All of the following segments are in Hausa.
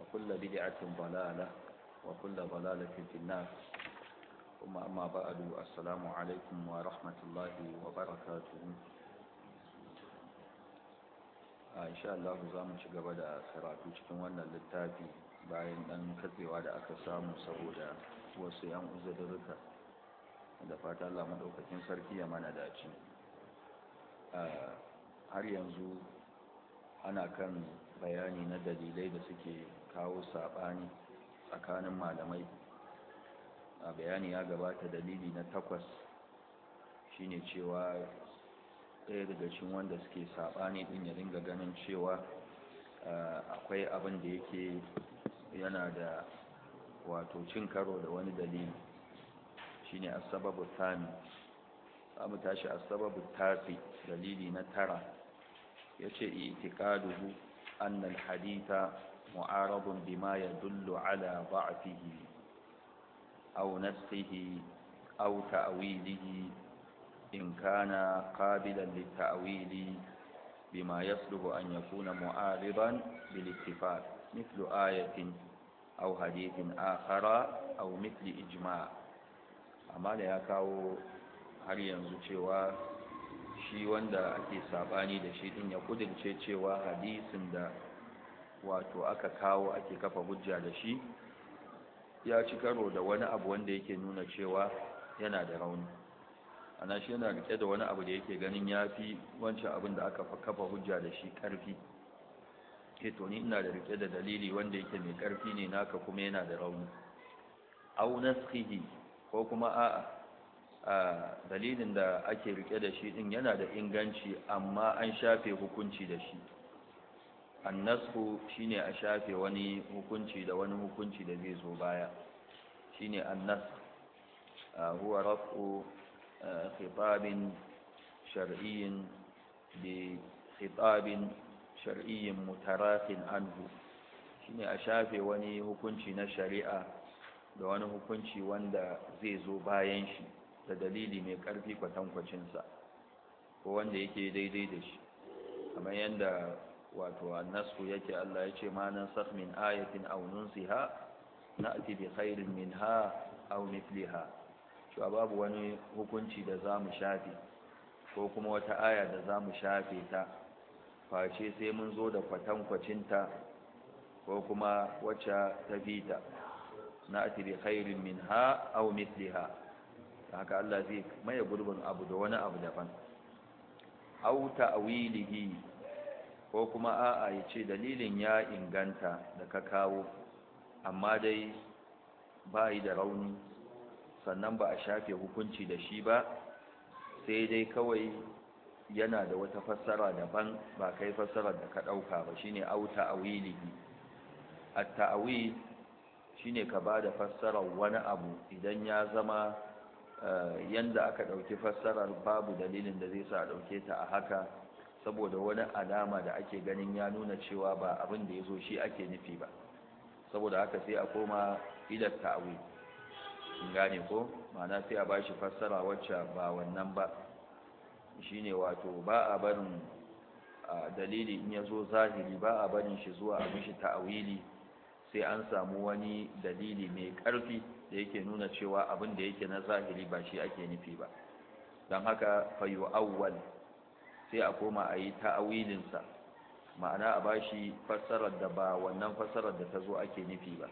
وكل بدعة ضلالة وكل ضلالة في النار ثم أما بعد السلام عليكم ورحمة الله وبركاته إن شاء الله زامن شغب da karatu cikin wannan littafi bayan ɗan katsewa da aka samu saboda wasu yan uzurruka da fata Allah madaukakin sarki ya mana dace har yanzu ana kan bayani na dalilai da suke kawo saɓani tsakanin malamai a bayani ya gabata dalili na takwas shine cewa ɗaya daga cikin wanda suke saɓani ɗin ya dinga ganin cewa akwai abin da yake yana da wato cin karo da wani dalili shine asababu tani abu tashi asababu tafi dalili na tara yace itiqaduhu annal haditha معارض بما يدل على ضعفه أو نسخه أو تأويله إن كان قابلا للتأويل بما يصلح أن يكون معارضا بالاتفاق مثل آية أو حديث آخر أو مثل إجماع أما da ya هل har yanzu shi wanda ake sabani da shi din ya kudirce cewa hadisin da wato aka kawo ake kafa hujja da shi ya ci karo da wani abu wanda yake nuna cewa yana da rauni ana shi yana rike da wani abu da yake ganin ya fi wancan abin da aka kafa hujja da shi ƙarfi keto eh ni ina da rike da dalili wanda yake mai ƙarfi ne naka kuma yana da rauni au naskihi ko kuma a'a a dalilin da ake rike da shi din yana da inganci amma an shafe hukunci da shi annasku shine a shafe wani hukunci da wani hukunci da zai zo baya shine annas huwa raf'u khitabin shar'iyyin bi khitabin shar'iyyin mutarafin anhu shine a shafe wani hukunci na shari'a da wani hukunci wanda zai zo bayan shi da dalili mai karfi kwatankwacinsa ko wanda yake daidai da shi kamar yadda wato nasu yake Allah ya ce ma nan sakh min ayatin aw nunsiha na'ti bi khairin minha aw mithliha cewa babu wani hukunci da zamu shafe ko kuma wata aya da zamu shafe ta face sai mun zo da kwatankwacinta, ta ko kuma wacce ta bita na'ti bi khairin minha aw mithliha haka Allah zai maye gurbin abu da wani abu daban aw ta'wilihi ko kuma a'a ya ce dalilin ya inganta da ka kawo amma dai ba yi da rauni sannan ba a shafe hukunci da shi ba sai dai kawai yana da wata fassara daban ba kai fassarar da ka ɗauka ba Shi ne au a ta'awi shi ne ka ba da fassarar wani abu idan ya zama eh, yanda aka ɗauki fassarar babu dalilin da zai sa ɗauke ta a haka saboda wani alama da ake ganin ya nuna cewa ba abin da ya zo shi ake nufi ba saboda haka sai a koma ila ta'awi in gane ko ma'ana sai a bashi fassara wacce ba wannan ba shine wato ba a barin dalili in ya zo zahiri ba a barin shi zuwa a mishi ta'awili sai an samu wani dalili mai ƙarfi da yake nuna cewa abin da yake na zahiri ba shi ake nufi ba don haka fayu awwal sai a koma a yi ta'awilinsa ma'ana a bashi fassarar da ba wannan fassarar da ta zo ake nufi ba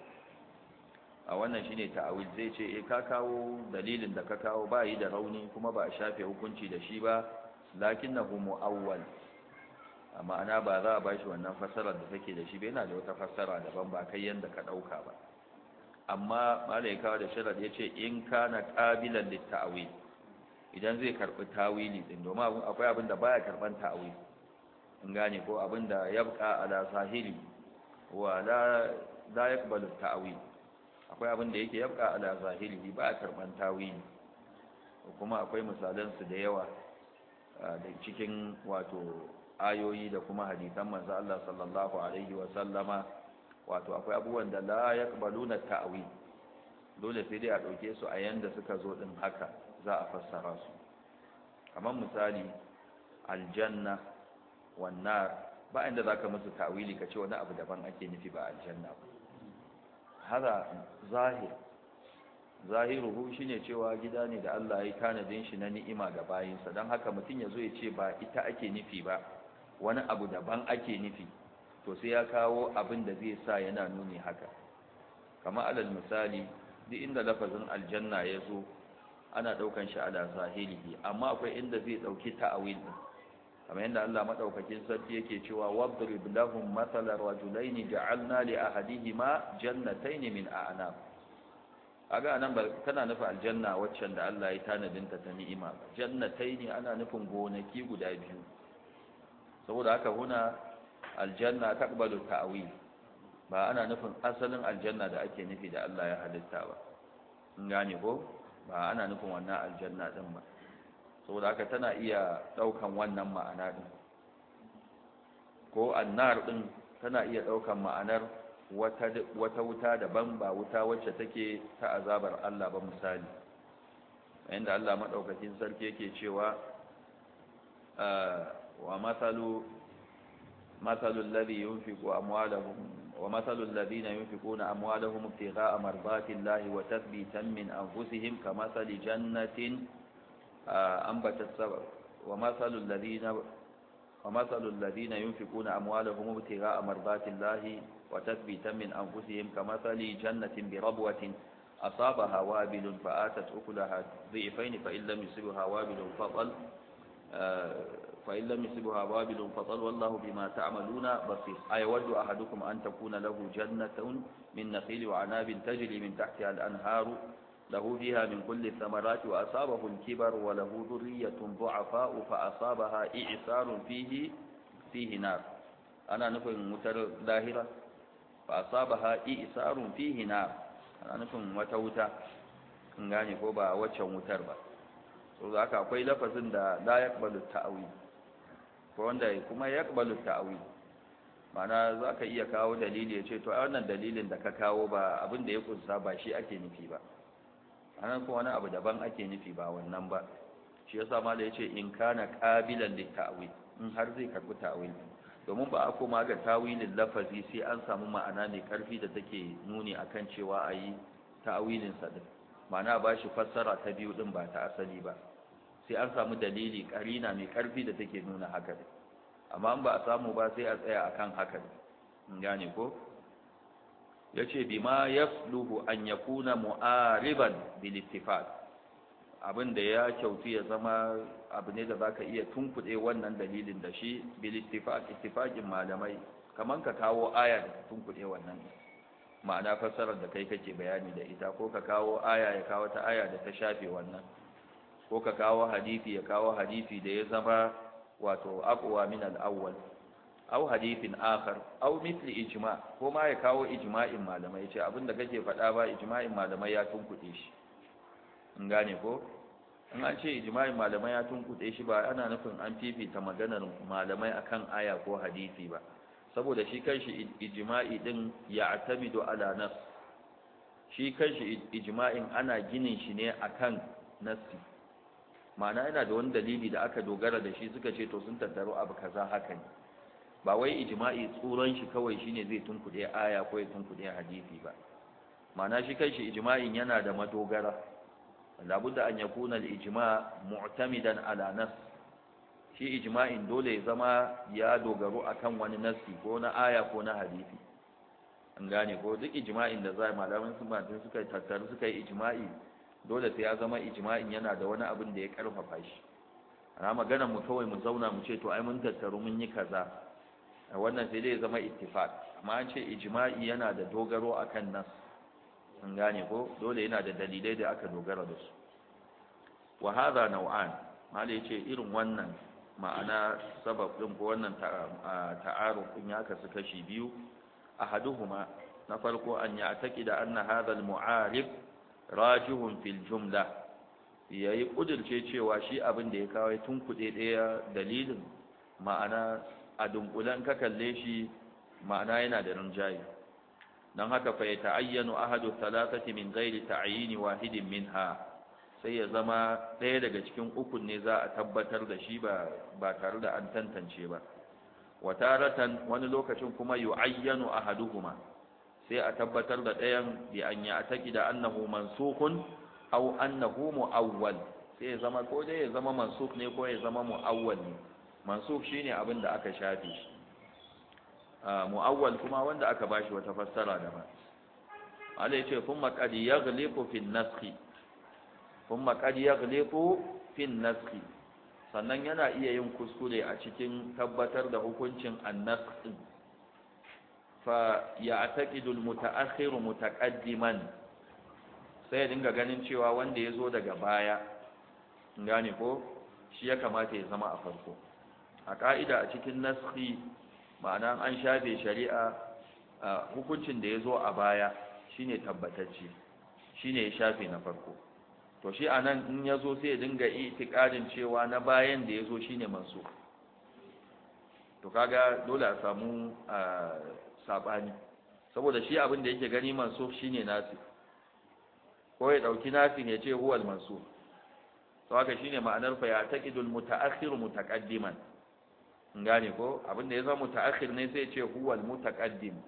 a wannan shine ta'awil zai ce e ka kawo dalilin da ka kawo ba yi da rauni kuma ba a shafe hukunci da shi ba lakin lakinnahu mu'awwal auwal. ma'ana ba za a bashi wannan fassarar da take da shi ba yana da wata fassara daban ba kai yanda ka ɗauka ba amma malaikawa da da ya ce in kana ƙabilan lit idan zai karɓi tawili din domin akwai abin da baya karɓar tawili in gane ko abin da a ala sahili wa la ya yaqbalu ta'awi. akwai abin da yake yabqa ala sahili ba karɓar tawili kuma akwai misalansu su da yawa da cikin wato ayoyi da kuma hadisan manzo Allah sallallahu alaihi wa sallama wato akwai abubuwan da la yaqbaluna ta'wil dole sai dai a dauke su a yanda suka zo din haka za a fassara su kamar misali aljanna wannan ba inda za ka musu ta'wili ka ce wani abu daban ake nufi ba aljanna ba hada zahir zahiruhu shine cewa gida ne da Allah ya tanadin shi na ni'ima ga bayinsa don haka mutum ya zo ya ce ba ita ake nufi ba wani abu daban ake nufi to sai ya kawo abin da zai sa yana nuni haka kamar alal misali duk inda lafazin aljanna ya zo ana daukan shi ala zahirihi amma akwai inda zai dauki ta'awil kamar yadda Allah madaukakin sarki yake cewa wadrib lahum mathala rajulain ja'alna li ahadihima jannatayn min a'nab aga nan ba tana nufin aljanna waccan da Allah ya tanadin ta ta ni'ima jannatayn ana nufin gonaki guda biyu saboda haka huna aljanna taqbalu ta'awil ba ana nufin asalin aljanna da ake nufi da Allah ya halitta ba in gane ko ba ana nufin wannan aljanna din ba saboda haka tana iya daukan wannan ma'ana din ko annar din tana iya daukan ma'anar wata wata wuta daban ba wuta wacce take ta azabar Allah ba misali inda Allah madaukakin sarki yake cewa ah, wa masalu masalul ladhi yunfiqu amwalahum ومثل الذين ينفقون أموالهم ابتغاء مرضات الله وتثبيتا من أنفسهم كمثل جنة آه، أنبتت سبع ومثل الذين ومثل الذين ينفقون أموالهم ابتغاء مرضات الله وتثبيتا من أنفسهم كمثل جنة بربوة أصابها وابل فآتت أكلها ضعفين فإن لم يصبها وابل فطل آه، فإن لم يصبها وابل فطل والله بما تعملون بصير أيود أحدكم أن تكون له جنة من نخيل وعناب تجري من تحتها الأنهار له فيها من كل الثمرات وأصابه الكبر وله ذرية ضعفاء فأصابها إعصار فيه فيه نار أنا نفهم متر لاهرة فأصابها إعصار فيه نار أنا نفهم متوتا إن غاني كوبا وتشو وذاك ba saboda haka لا يقبل التأويل ko wanda kuma ya kabalu ta'awil mana za ka iya kawo dalili ya ce to a wannan dalilin da ka kawo ba abin da ya kusa ba shi ake nufi ba ana ko wani abu daban ake nufi ba wannan ba shi yasa mala ya ce in kana qabilan lit ta'wil in har zai karbi ta'wil domin ba a koma ga tawilin lafazi sai an samu ma'ana mai karfi da take nuni akan cewa ayi ta'awilin sa din ma'ana ba shi fassara ta biyu din ba ta asali ba sai an samu dalili karina mai karfi da take nuna haka ne amma ba a samu ba sai a tsaya akan haka ne gane ko yace bima yaslubu an yakuna mu'ariban bil ittifaq abin da ya kyautu ya zama abu ne da zaka iya tunkuɗe wannan dalilin da shi bil ittifaq ittifaqin malamai kaman ka kawo aya da tunkuɗe wannan ma'ana fassarar da kai kake bayani da ita ko ka kawo aya ya kawo ta aya da ta shafe wannan ko ka kawo hadisi ya kawo hadisi da ya zama wato aqwa min al-awwal aw hadithin akhar aw mithli ijma ko ma ya kawo ijma'in malamai yace abinda kake faɗa ba ijma'in malamai ya tunkuɗe shi in gane ko in an ce ijma'in malamai ya tunkuɗe shi ba ana nufin an fifita maganar malamai akan aya ko hadisi ba saboda shi kanshi ijma'i din ya atamidu ala nas shi kanshi ijma'in ana ginin shi ne akan nasi ma'ana yana da wani dalili da aka dogara da shi suka ce to sun tattaro abu kaza haka ne ba wai ijma'i tsoron shi kawai shine zai tunkuɗe aya ko ya tunkuɗe hadisi ba ma'ana shi kai shi ijma'in yana da madogara labudda an yakuna al-ijma' mu'tamidan ala nas shi ijma'in dole ya zama ya dogaro akan wani nasi ko na aya ko na hadisi an gane ko duk ijma'in da za malaman sun suka tattaru suka yi ijma'i dole sai ya zama ijma'in yana da wani abin da ya karfafa shi ana magana mu kawai mu zauna mu ce to ai mun tattaru mun yi kaza wannan sai dai zama ittifaq amma an ce ijma'i yana da dogaro akan nas an gane ko dole yana da dalilai da aka dogara da su wa hadha naw'an mali yace irin wannan ma'ana sabab din ko wannan ta'aruf in ya kasu kashi biyu ahaduhuma na farko an ya taki anna hadha al-mu'arib rajihun fil jumla yayi kudirce cewa shi abin da ya kawo tun kuɗe ɗaya dalilin ma'ana a dunkulen ka kalle shi ma'ana yana da rinjaye dan haka fa ya ta'ayyanu ahadu thalathati min ghairi ta'yini wahidin minha sai ya zama ɗaya daga cikin ukun ne za a tabbatar da shi ba ba tare da an tantance ba wa taratan wani lokacin kuma yu'ayyanu ahaduhuma sai a tabbatar da ɗayan bi an ya taki da annahu mansukun aw annahu muawwal sai ya zama ko dai ya zama mansuk ne ko ya zama muawwal ne mansuk shine abin da aka shafe shi muawwal kuma wanda aka bashi wata fassara ba Allah yace kuma qad yaghliqu fi an-naskh kuma qad yaghliqu fi an-naskh sannan yana iya yin kuskure a cikin tabbatar da hukuncin an-naskh fa ya'taqidu al-muta'akhiru mutaqaddiman sai ya dinga ganin cewa wanda ya zo daga baya gane ko shi ya kamata ya zama a farko a ka'ida a cikin naski ma'ana an shafe shari'a hukuncin da ya zo a baya shine tabbatacce shine ya shafe na farko to shi anan in ya zo sai ya dinga itikadin cewa na bayan da ya zo shine mansu to kaga dole a samu sabani saboda shi abin da yake gani mansuf shine nasi ko ya dauki nasi ne ce huwal mansuf to haka shine ma'anar fa ya taqidul mutaakhir mutaqaddiman in gane ko abin da ya zama mutaakhir ne sai ce huwal mutaqaddim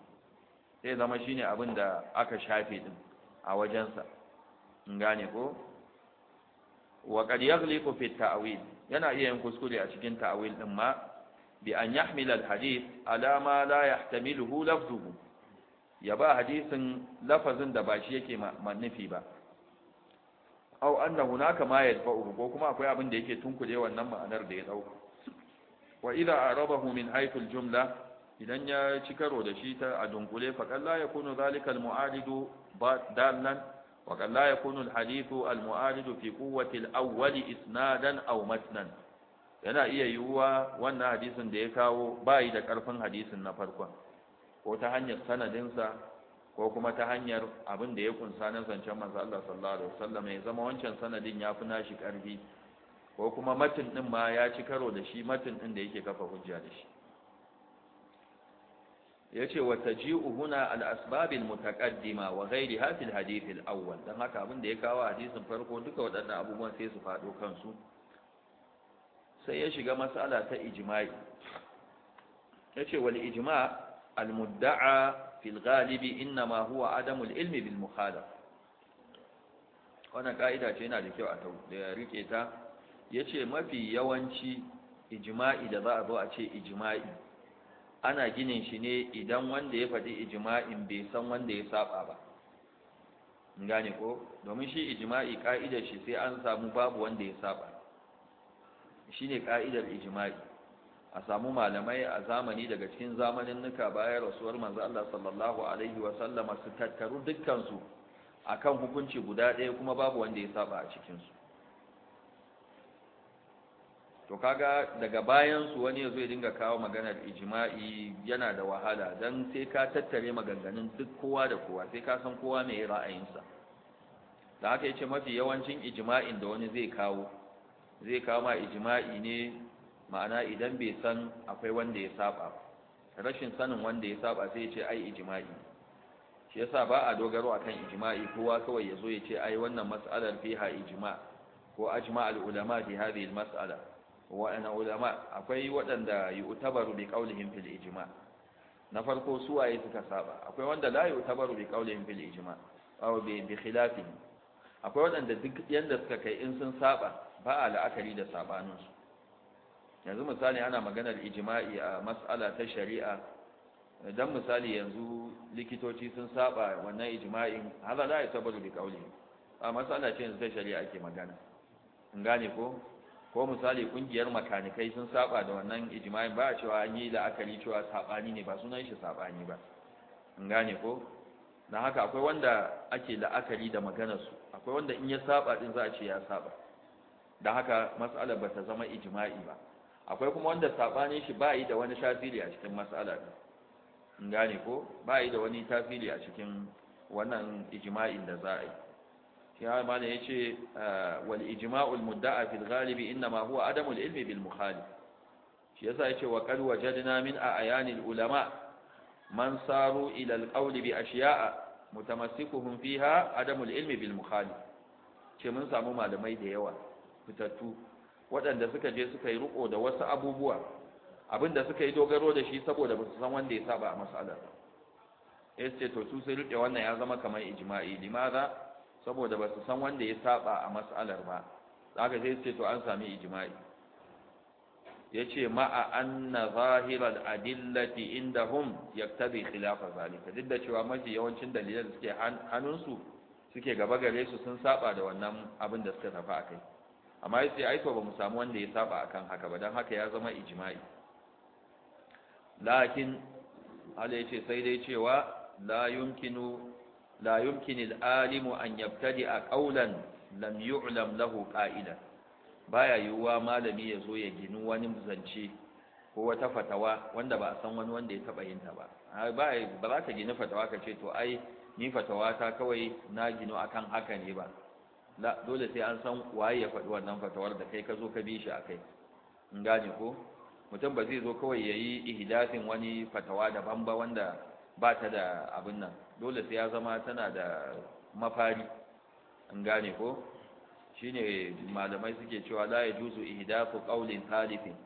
sai zama shine abin da aka shafe din a wajensa in gane ko wa qad yaghliqu fi ta'wil yana iya yin kuskure a cikin ta'wil din ma بأن يحمل الحديث على ما لا يحتمله لفظه يبا حديث لفظ دباشي يكي منفي با أو أن هناك ما يدفعه وكما أقول أبن ديكي ديو والنمى أنر دي وإذا أعرضه من حيث الجملة إذن يشكر ودشيت أدنكلي فقال لا يكون ذلك المعارض دالا وقال لا يكون الحديث المعارض في قوة الأول إسنادا أو متنا yana iya yiwuwa wannan hadisin da ya kawo ba yi da ƙarfin hadisin na farko, ko ta hanyar sanadinsa ko kuma ta hanyar abin da ya kunsa na zancen manzo Allah sallallahu alaihi wasallam ya zama wancan sanadin ya fi nashi ƙarfi ko kuma matin din ma ya ci karo da shi matin din da yake kafa hujja da shi yace wa taji'u huna al-asbab al-mutaqaddima wa gairi hafi hadith al-awwal dan haka abin da ya kawo hadisin farko duka waɗannan abubuwan sai su faɗo kansu sai ya shiga matsala ta ijima'i. ya ce wal ijma al-mudda'a fil ghalibi innama huwa adamul ilmi bil mukhalaf wannan ka'ida ce yana da kyau a tau rike ta yace mafi yawanci ijma'i da za a zo a ce ijma'i ana ginin shi ne idan wanda ya faɗi ijma'in bai san wanda ya saba ba gane ko domin shi ijma'i ka'idar shi sai an samu babu wanda ya saba shine ka'idar ijima'i, a samu malamai a zamani daga cikin zamanin nuka bayan rasuwar manzo Allah sallallahu alaihi wa sallama su tattaru dukkansu a kan hukunci guda ɗaya kuma babu wanda ya saba a cikin su to kaga daga bayansu su wani yazo ya dinga kawo maganar ijima'i yana da wahala dan sai ka tattare maganganun duk kowa da kowa sai ka san kowa me ra'ayinsa da haka yace mafi yawancin ijma'in da wani zai kawo zai kawo ma ijma'i ne ma'ana idan bai san akwai wanda ya saba rashin sanin wanda ya saba sai ya ce ai ijma'i shi yasa ba a dogaro akan ijma'i kowa kawai ya zo ya ce ai wannan mas'alar fiha ijma' ko ajma' al-ulama fi hadhihi al-mas'ala wa ana ulama akwai waɗanda yu'tabaru bi qawlihim fil ijma' na farko su waye suka saba akwai wanda la yu'tabaru bi qawlihim fil ijma' aw bi bi khilafihim akwai waɗanda duk yanda suka kai in sun saba ba a la'akari da sabaninsu yanzu misali ana maganar ijima'i a mas'ala ta shari'a dan misali yanzu likitoci sun saba wannan ijima'in hala la yatabaru da kauli a mas'ala ce yanzu ta shari'a ake magana in gane ko ko misali kungiyar makanikai sun saba da wannan ijima'in ba a cewa an yi la'akari cewa sabani ne ba sunan shi sabani ba in gane ko na haka akwai wanda ake la'akari da maganarsu akwai wanda in ya saba din za a ce ya saba da haka matsalar ba ta zama ijma'i ba akwai kuma wanda saɓani shi ba yi da wani tafili a cikin matsalar in gane ko ba yi da wani tafili a cikin wannan ijma'in da za a yi shi ya mana ya ce ah, wal ijma'ul mudda'a fil ghalibi inna ma huwa adamul ilmi bil mukhalif shi yasa ya ce wa qad wajadna min a'yanil ulama man saru ila al qawli bi ashiya'a mutamassikuhum fiha adamul ilmi bil mukhalif ce mun samu malamai da yawa fitattu waɗanda suka je suka yi riko da wasu abubuwa abinda suka yi dogaro da shi saboda ba su san wanda ya saba a mas'alar ba ya ce to su sai riƙe wannan ya zama kamar ijma'i limaza saboda ba su san wanda ya saba a mas'alar ba aka sai ce to an sami ijma'i ya ce ma'a anna zahirar adillati ya tabi khilafa zalika duk da cewa mafi yawancin dalilan suke hannunsu suke gaba gare su sun saba da wannan abin da suka tafi a kai amma yace ai to ba mu samu wanda ya saba akan haka ba dan haka ya zama ijima'i. lakin Allah yace sai dai cewa la yumkinu la yumkinu al-alimu an yabtadi'a lam yu'lam lahu baya yiwuwa malami ya zo ya ginu wani zance ko wata fatawa wanda ba a san wani wanda ya taba yin ta ba ba za ka gini fatawa ka ce to ai ni fatawa ta kawai na gino akan haka ne ba la dole sai an san waye ya faɗi wannan fatawar da kai ka zo ka bi shi akai in gane ko mutum ba zai zo kawai yayi ihdafin wani fatawa daban bamba wanda ba ta da abin nan dole sai ya zama tana da mafari in gane ko shine malamai suke cewa la yajuzu ihdathu qawlin thalifin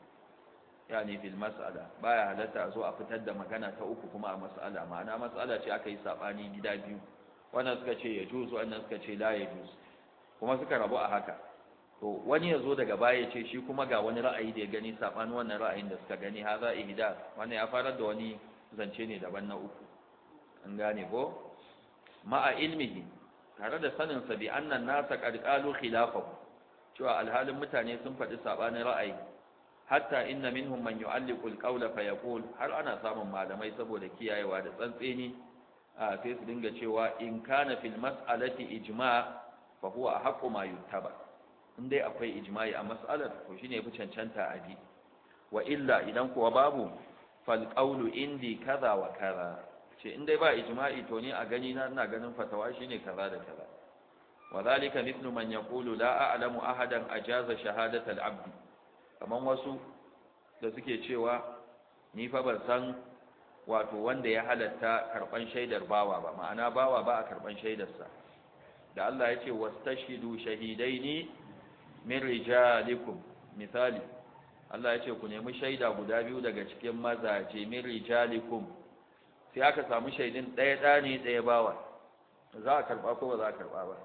yani fil mas'ala baya halatta a zo a fitar da magana ta uku kuma a mas'ala ma'ana mas'ala ce aka yi sabani gida biyu wannan suka ce ya juzu wannan suka ce la juzu kuma suka rabu a haka to wani ya zo daga baya ya ce shi kuma ga wani ra'ayi da ya gani saɓani wannan ra'ayin da suka gani haza ihda wannan ya farar da wani zance ne daban na uku an gane ko ma'a ilmihi tare da saninsa bi annan nasa qad qalu khilafahu cewa alhalin mutane sun faɗi saɓanin ra'ayi hatta inna minhum man yu'alliqu al-qawla fa yaqul har ana samun malamai saboda kiyayewa da tsantseni sai su dinga cewa in kana fil mas'alati ijma' fa a ahqqu ma yuttaba in dai akwai ijma'i a mas'alar to shine fi cancanta a bi wa illa idan kuwa babu fal qawlu indi kaza wa kaza ce in dai ba ijma'i to ni a gani na ina ganin fatawa shine kaza da kaza wa zalika mithlu man yaqulu la a'lamu ahadan ajaza shahadata al'abd kaman wasu da suke cewa ni fa ban san wato wanda ya halatta karban shaidar bawa ba ma'ana bawa ba a karban shaidarsa da Allah ya ce shahidai ne min rijalikum misali Allah ya ce ku nemi shaida guda biyu daga cikin mazaje min rijalikum sai aka samu shaidin ɗaya ɗa ne ɗaya bawa za a karɓa ko ba za a karɓa ba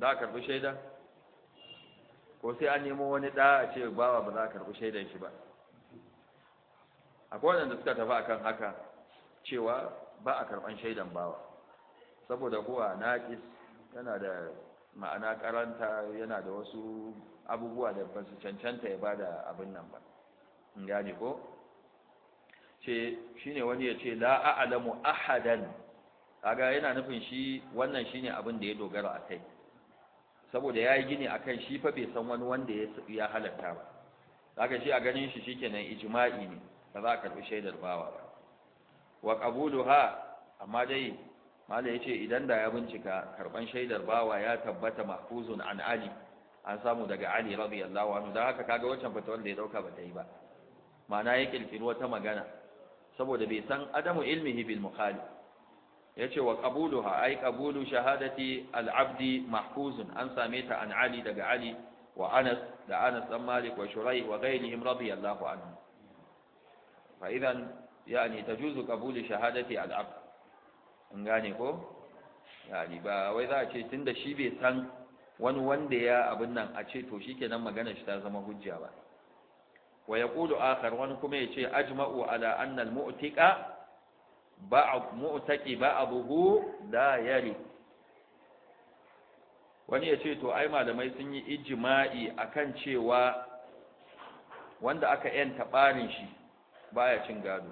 za a karɓi shaida ko sai an nemo wani ɗa a ce bawa ba za a karɓi shaidan shi ba akwai waɗanda suka tafi akan haka cewa ba a karɓan shaidan bawa saboda huwa naqis yana da ma'ana karanta yana da wasu abubuwa da ba su cancanta ya bada abin nan ba in gane ko ce shine wani ya ce la a'lamu ahadan kaga yana nufin shi wannan shine abin da ya dogara a kai saboda ya yi gini a kan shi fa bai san wani wanda ya halatta ba kaga shi a ganin shi shikenan ijma'i ne ba za a karbi shaidar bawa ba wa qabuluha amma dai mala ya ce idan da ya bincika karban shaidar bawa ya tabbata mahfuzun an ali an samu daga ali radiyallahu anhu don haka kaga wancan fata wanda ya dauka ba ta yi ba ma'ana ya kirkiri wata magana saboda bai san adamu ilmihi bil mukhali ce wa qabuluha ay qabulu shahadati al abdi mahfuzun an same ta an ali daga ali wa anas da anas dan malik wa shurai wa ghayrihim radiyallahu anhu fa idan yani tajuzu qabulu shahadati al abdi in gane ko yani ba wai za a ce tun da shi bai san wani wanda ya abin nan a ce to shi kenan maganar shi ta zama hujja ba wa yaqulu akhar wani kuma ya ce ajma'u ala annal al-mu'tiqa ba mu'taqi ba'dahu Da yari wani ya ce to ai malamai sun yi ijma'i akan cewa wanda aka yanta barin shi baya cin gado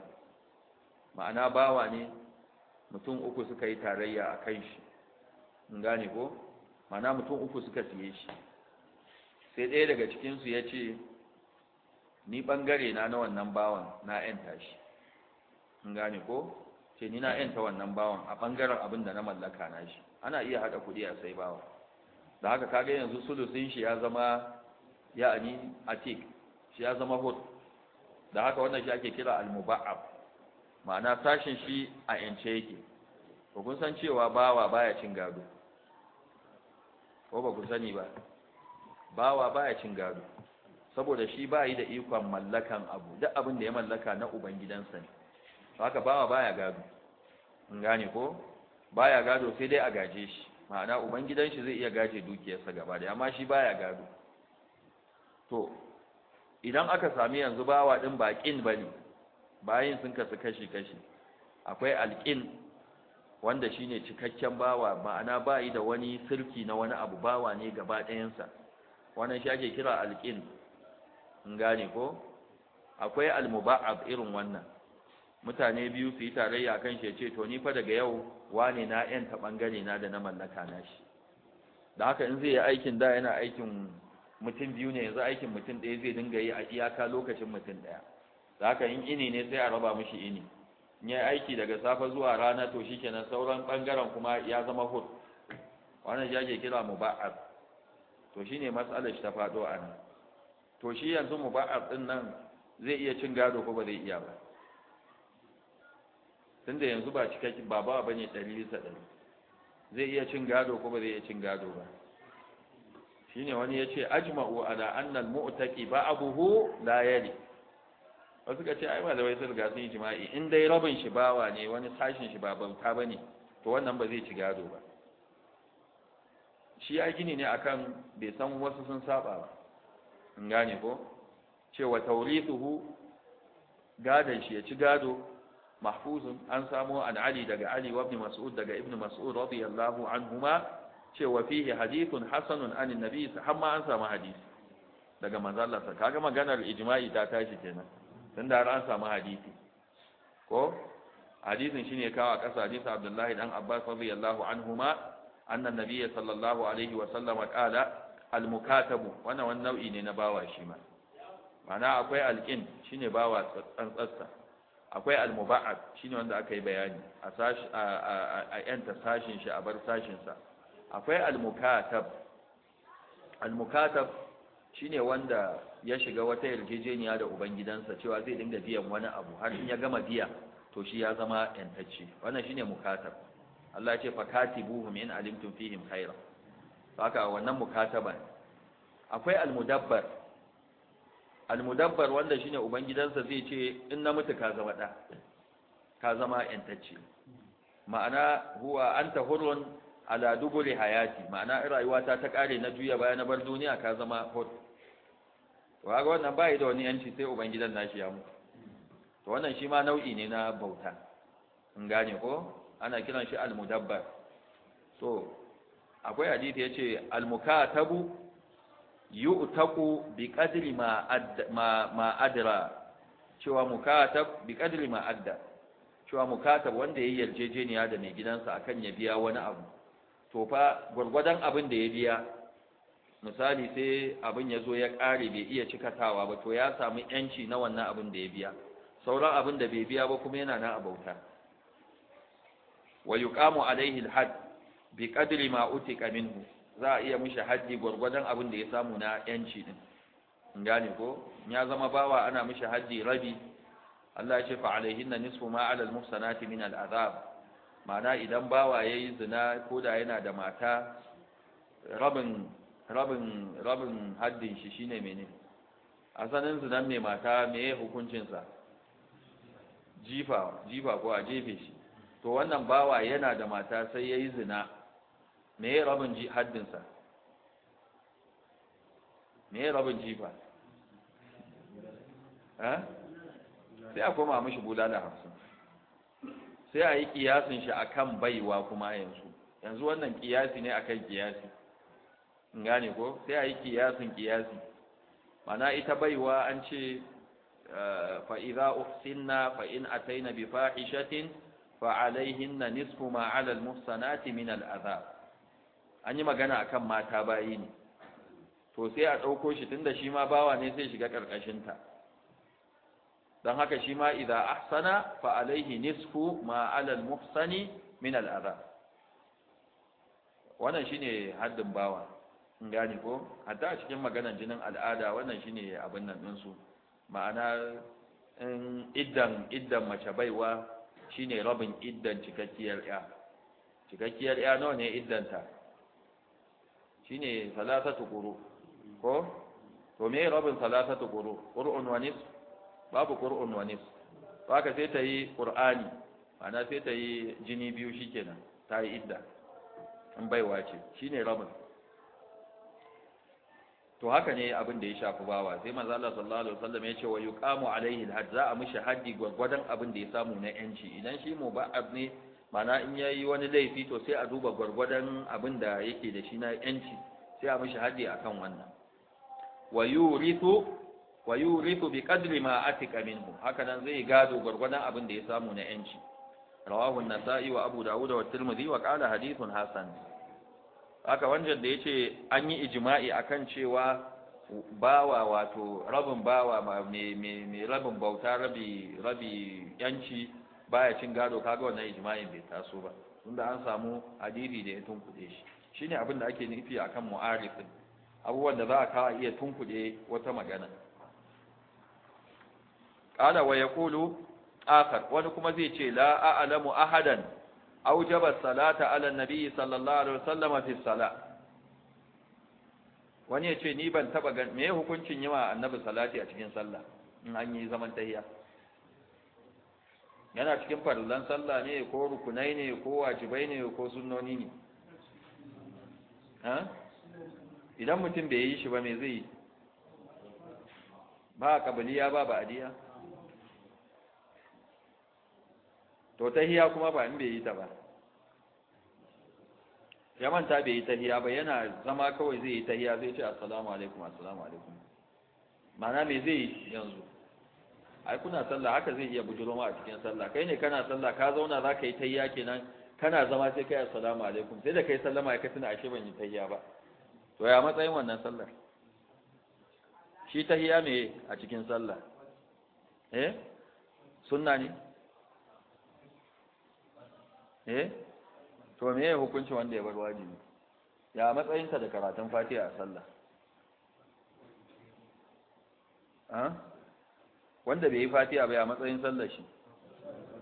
ma'ana bawa ne mutum uku suka yi tarayya a kan shi in gane ko mana mutum uku suka siye shi sai ɗaya daga cikinsu ya ce ni ɓangare na na wannan bawan na ‘yanta shi in gane ko ce ni na ‘yanta wannan bawan a ɓangaren abin da na mallaka na shi ana iya haɗa kuɗi a sai bawan da haka kaga yanzu sulusin shi ya zama ya'ani atik shi ya zama hot. da haka wannan shi ake kira al-muba'ab ma'ana sashin shi a yance yake ba kun san cewa bawa baya cin gado ko ba ku sani ba bawa baya cin gado saboda shi ba yi da ikon mallakan abu duk abin da ya mallaka na ubangidansa ne haka bawa baya gado in gane ko baya gado sai dai a gaje shi ma'ana ubangidan shi zai iya gaje dukiyarsa gaba da amma shi baya gado to idan aka sami yanzu bawa din ba ne. bane bayin sun kasu kashi-kashi akwai alƙin wanda shine cikakken bawa ma'ana bayi da wani sirki na wani abu bawa ne gaba ɗayansa wannan shi ake kira alƙin in gane ko akwai almuba'ab irin wannan mutane biyu su yi tarayya kan shi ce to ni fa daga yau wane na yan ta bangare na da na mallaka na shi da haka in zai yi aikin da yana aikin mutum biyu ne yanzu aikin mutum ɗaya zai dinga yi a iyaka lokacin mutum ɗaya da haka in ini ne sai a raba mishi ini in yi aiki daga safe zuwa rana to shi kenan sauran bangaren kuma ya zama hur wannan shi ake kira muba'ar to shine matsalar shi ta faɗo a nan to shi yanzu muba'ar din nan zai iya cin gado ko ba zai iya ba tunda yanzu ba cikakken ba ba ne 100 bisa ɗari. zai iya cin gado ko ba zai iya cin gado ba shine wani yace ajma'u ala annal mutaki ba abuhu la yali wasu suka ce ai malamai sun riga sun yi jima'i in dai rabin shi bawa ne wani sashin shi ba bauta bane to wannan ba zai ci gado ba shi ya gini ne akan bai san wasu sun saba ba in gane ko cewa taurithuhu gadon shi ya ci gado mahfuzun an samo an ali daga ali wa ibn mas'ud daga ibn mas'ud radiyallahu anhuma cewa fihi hadithun hasanun an annabi hamma an samu hadisi daga manzo Allah kaga maganar ijma'i ta tashi kenan tunda har an samu hadisi ko hadisin shine kawo a ƙasa hadisin Abdullahi dan Abbas radiyallahu anhuma annan nabiyya sallallahu alaihi wa sallam qala al mukatabu wannan wani nau'i ne na bawa shi ma ma'ana akwai alqin shine bawa tsantsasta akwai al muba'ad shine wanda aka yi bayani a sashi a yanta sashin shi a bar sashin sa akwai al mukatab al mukatab shine wanda ya shiga wata yarjejeniya da ubangidansa cewa zai dinga biyan wani abu har in ya gama biya to shi ya zama yantacce wannan shine mukatab Allah ya ce fakatibuhum in alimtum fihim to haka wannan mukataba akwai almudabbar almudabbar wanda shine ubangidansa zai ce in na mutu ka zama da ka zama yantacce ma'ana huwa anta hurun ala duburi hayati ma'ana rayuwata ta kare na juya baya na bar duniya ka zama hurun to ga wannan bai da wani yanci sai ubangidan nashi ya mutu to wannan shi ma nau'i ne na bauta in gane ko ana kiran shi al-mudabbar to akwai hadisi yace al-mukatabu yu'taqu bi qadri ma ma ma adra cewa mukatab bi qadri ma adda cewa mukatab wanda yayi yarjejeniya da mai gidansa akan ya biya wani abu to fa gurgurdan abin da ya biya misali sai abin ya zo ya ƙare bai iya cikatawa ba to ya samu yanci na wannan abin da ya biya sauran abin da bai biya ba kuma yana nan a bauta wa yuqamu alaihi alhad bi qadri ma utika minhu za a iya mishi haddi gwargwadon abin da ya samu na yanci din in gane ko ya zama bawa ana mishi haddi rabi Allah ya ce fa alaihinna nisfu ma ala almuhsanati min ma'ana idan bawa yayi zina ko da yana da mata rabin rabin rabin haddin shi shine mene su zinan me mata me hukuncinsa jifa jifa ko a jefe shi to wannan bawa yana da mata sai ya yi zina Me rabin sa me rabin jifa eh? sai a koma mishi bulala hamsin sai a yi kiyasin shi akan baiwa kuma yanzu yanzu wannan kiyasi ne akan kiyasi in gane ko sai a yi kiyasin kiyasi mana ita baiwa an ce eh, fa idza uhsinna fa in ataina bi fahishatin fa alaihinna nisfu ma ala min al an yi magana akan mata bayi ne to sai a ɗauko shi tunda shi ma bawa ne sai shiga ƙarƙashinta. dan haka shi ma idza ahsana fa nisfu ma'alal ala muhsani min al wannan shine haddin bawa gani ko hatta a cikin maganan jinin al'ada wannan shine abin nan din su ma'ana in iddan iddan mace baiwa shine rabin iddan cikakkiyar ya cikakkiyar ya nawa ne iddanta shine salasatu quru ko to me rabin salasatu quru qur'un wa nis babu qur'un wa nis to sai ta yi qur'ani ma'ana sai ta yi jini biyu shikenan ta yi idda in baiwa ce shine rabin to haka ne abin da ya shafi bawa sai manzo Allah sallallahu alaihi wasallam ya ce wa yuqamu alaihi alhajj za a mishi haddi gwargwadon abin da ya samu na yanci idan shi mu ba ne mana in yayi wani laifi to sai a duba gwargwadon abin da yake da shi na yanci sai a mishi haddi akan wannan wa yurithu wa yurithu bi qadri ma atika minhu haka nan zai gado gwargwadon abin da ya samu na yanci rawahu an-nasa'i wa abu dawud wa tirmidhi wa qala hadithun hasan haka wancan da ya ce an yi ijima'i akan cewa bawa wato rabin bawa mai rabin bauta rabi rabi yanci baya cin gado kaga wannan ijma'in bai taso ba tunda an samu hadiri da ya tunkuɗe shi shine abin da ake nufi akan mu'arifin abubuwan da za a kawo iya tunkuɗe wata magana qala wa yaqulu akhar wani kuma zai ce la a'lamu ahadan الصلاة على النبي صلى sallallahu alaihi وسلم في الصلاة wani ya ce ni ban taba gan me hukuncin yi wa annabi salati a cikin sallah in an yi zaman tahiya yana cikin farillan sallah ne ko rukunai ne ko wajibai ne ko sunnoni ne idan mutum bai yi shi ba me zai yi ba kabiliya ba ba adiya to tahiya kuma ba in bai yi ta ba ya manta bai yi tahiya ba yana zama kawai zai yi tahiya zai ce assalamu alaikum assalamu alaikum mana me zai yi yanzu ai kuna sallah haka zai iya bujuro ma a cikin sallah kai ne kana sallah ka zauna za ka yi tahiya kenan kana zama sai kai assalamu alaikum sai da kai sallama ka tuna ashe ban yi hiya ba to ya matsayin wannan sallah? shi tahiya me a cikin sallah eh sunna ne eh to me ya hukunci wanda ya bar wajibi ya matsayinsa da karatun fatiha a sallah wanda bai yi fatiha ba ya matsayin sallar shi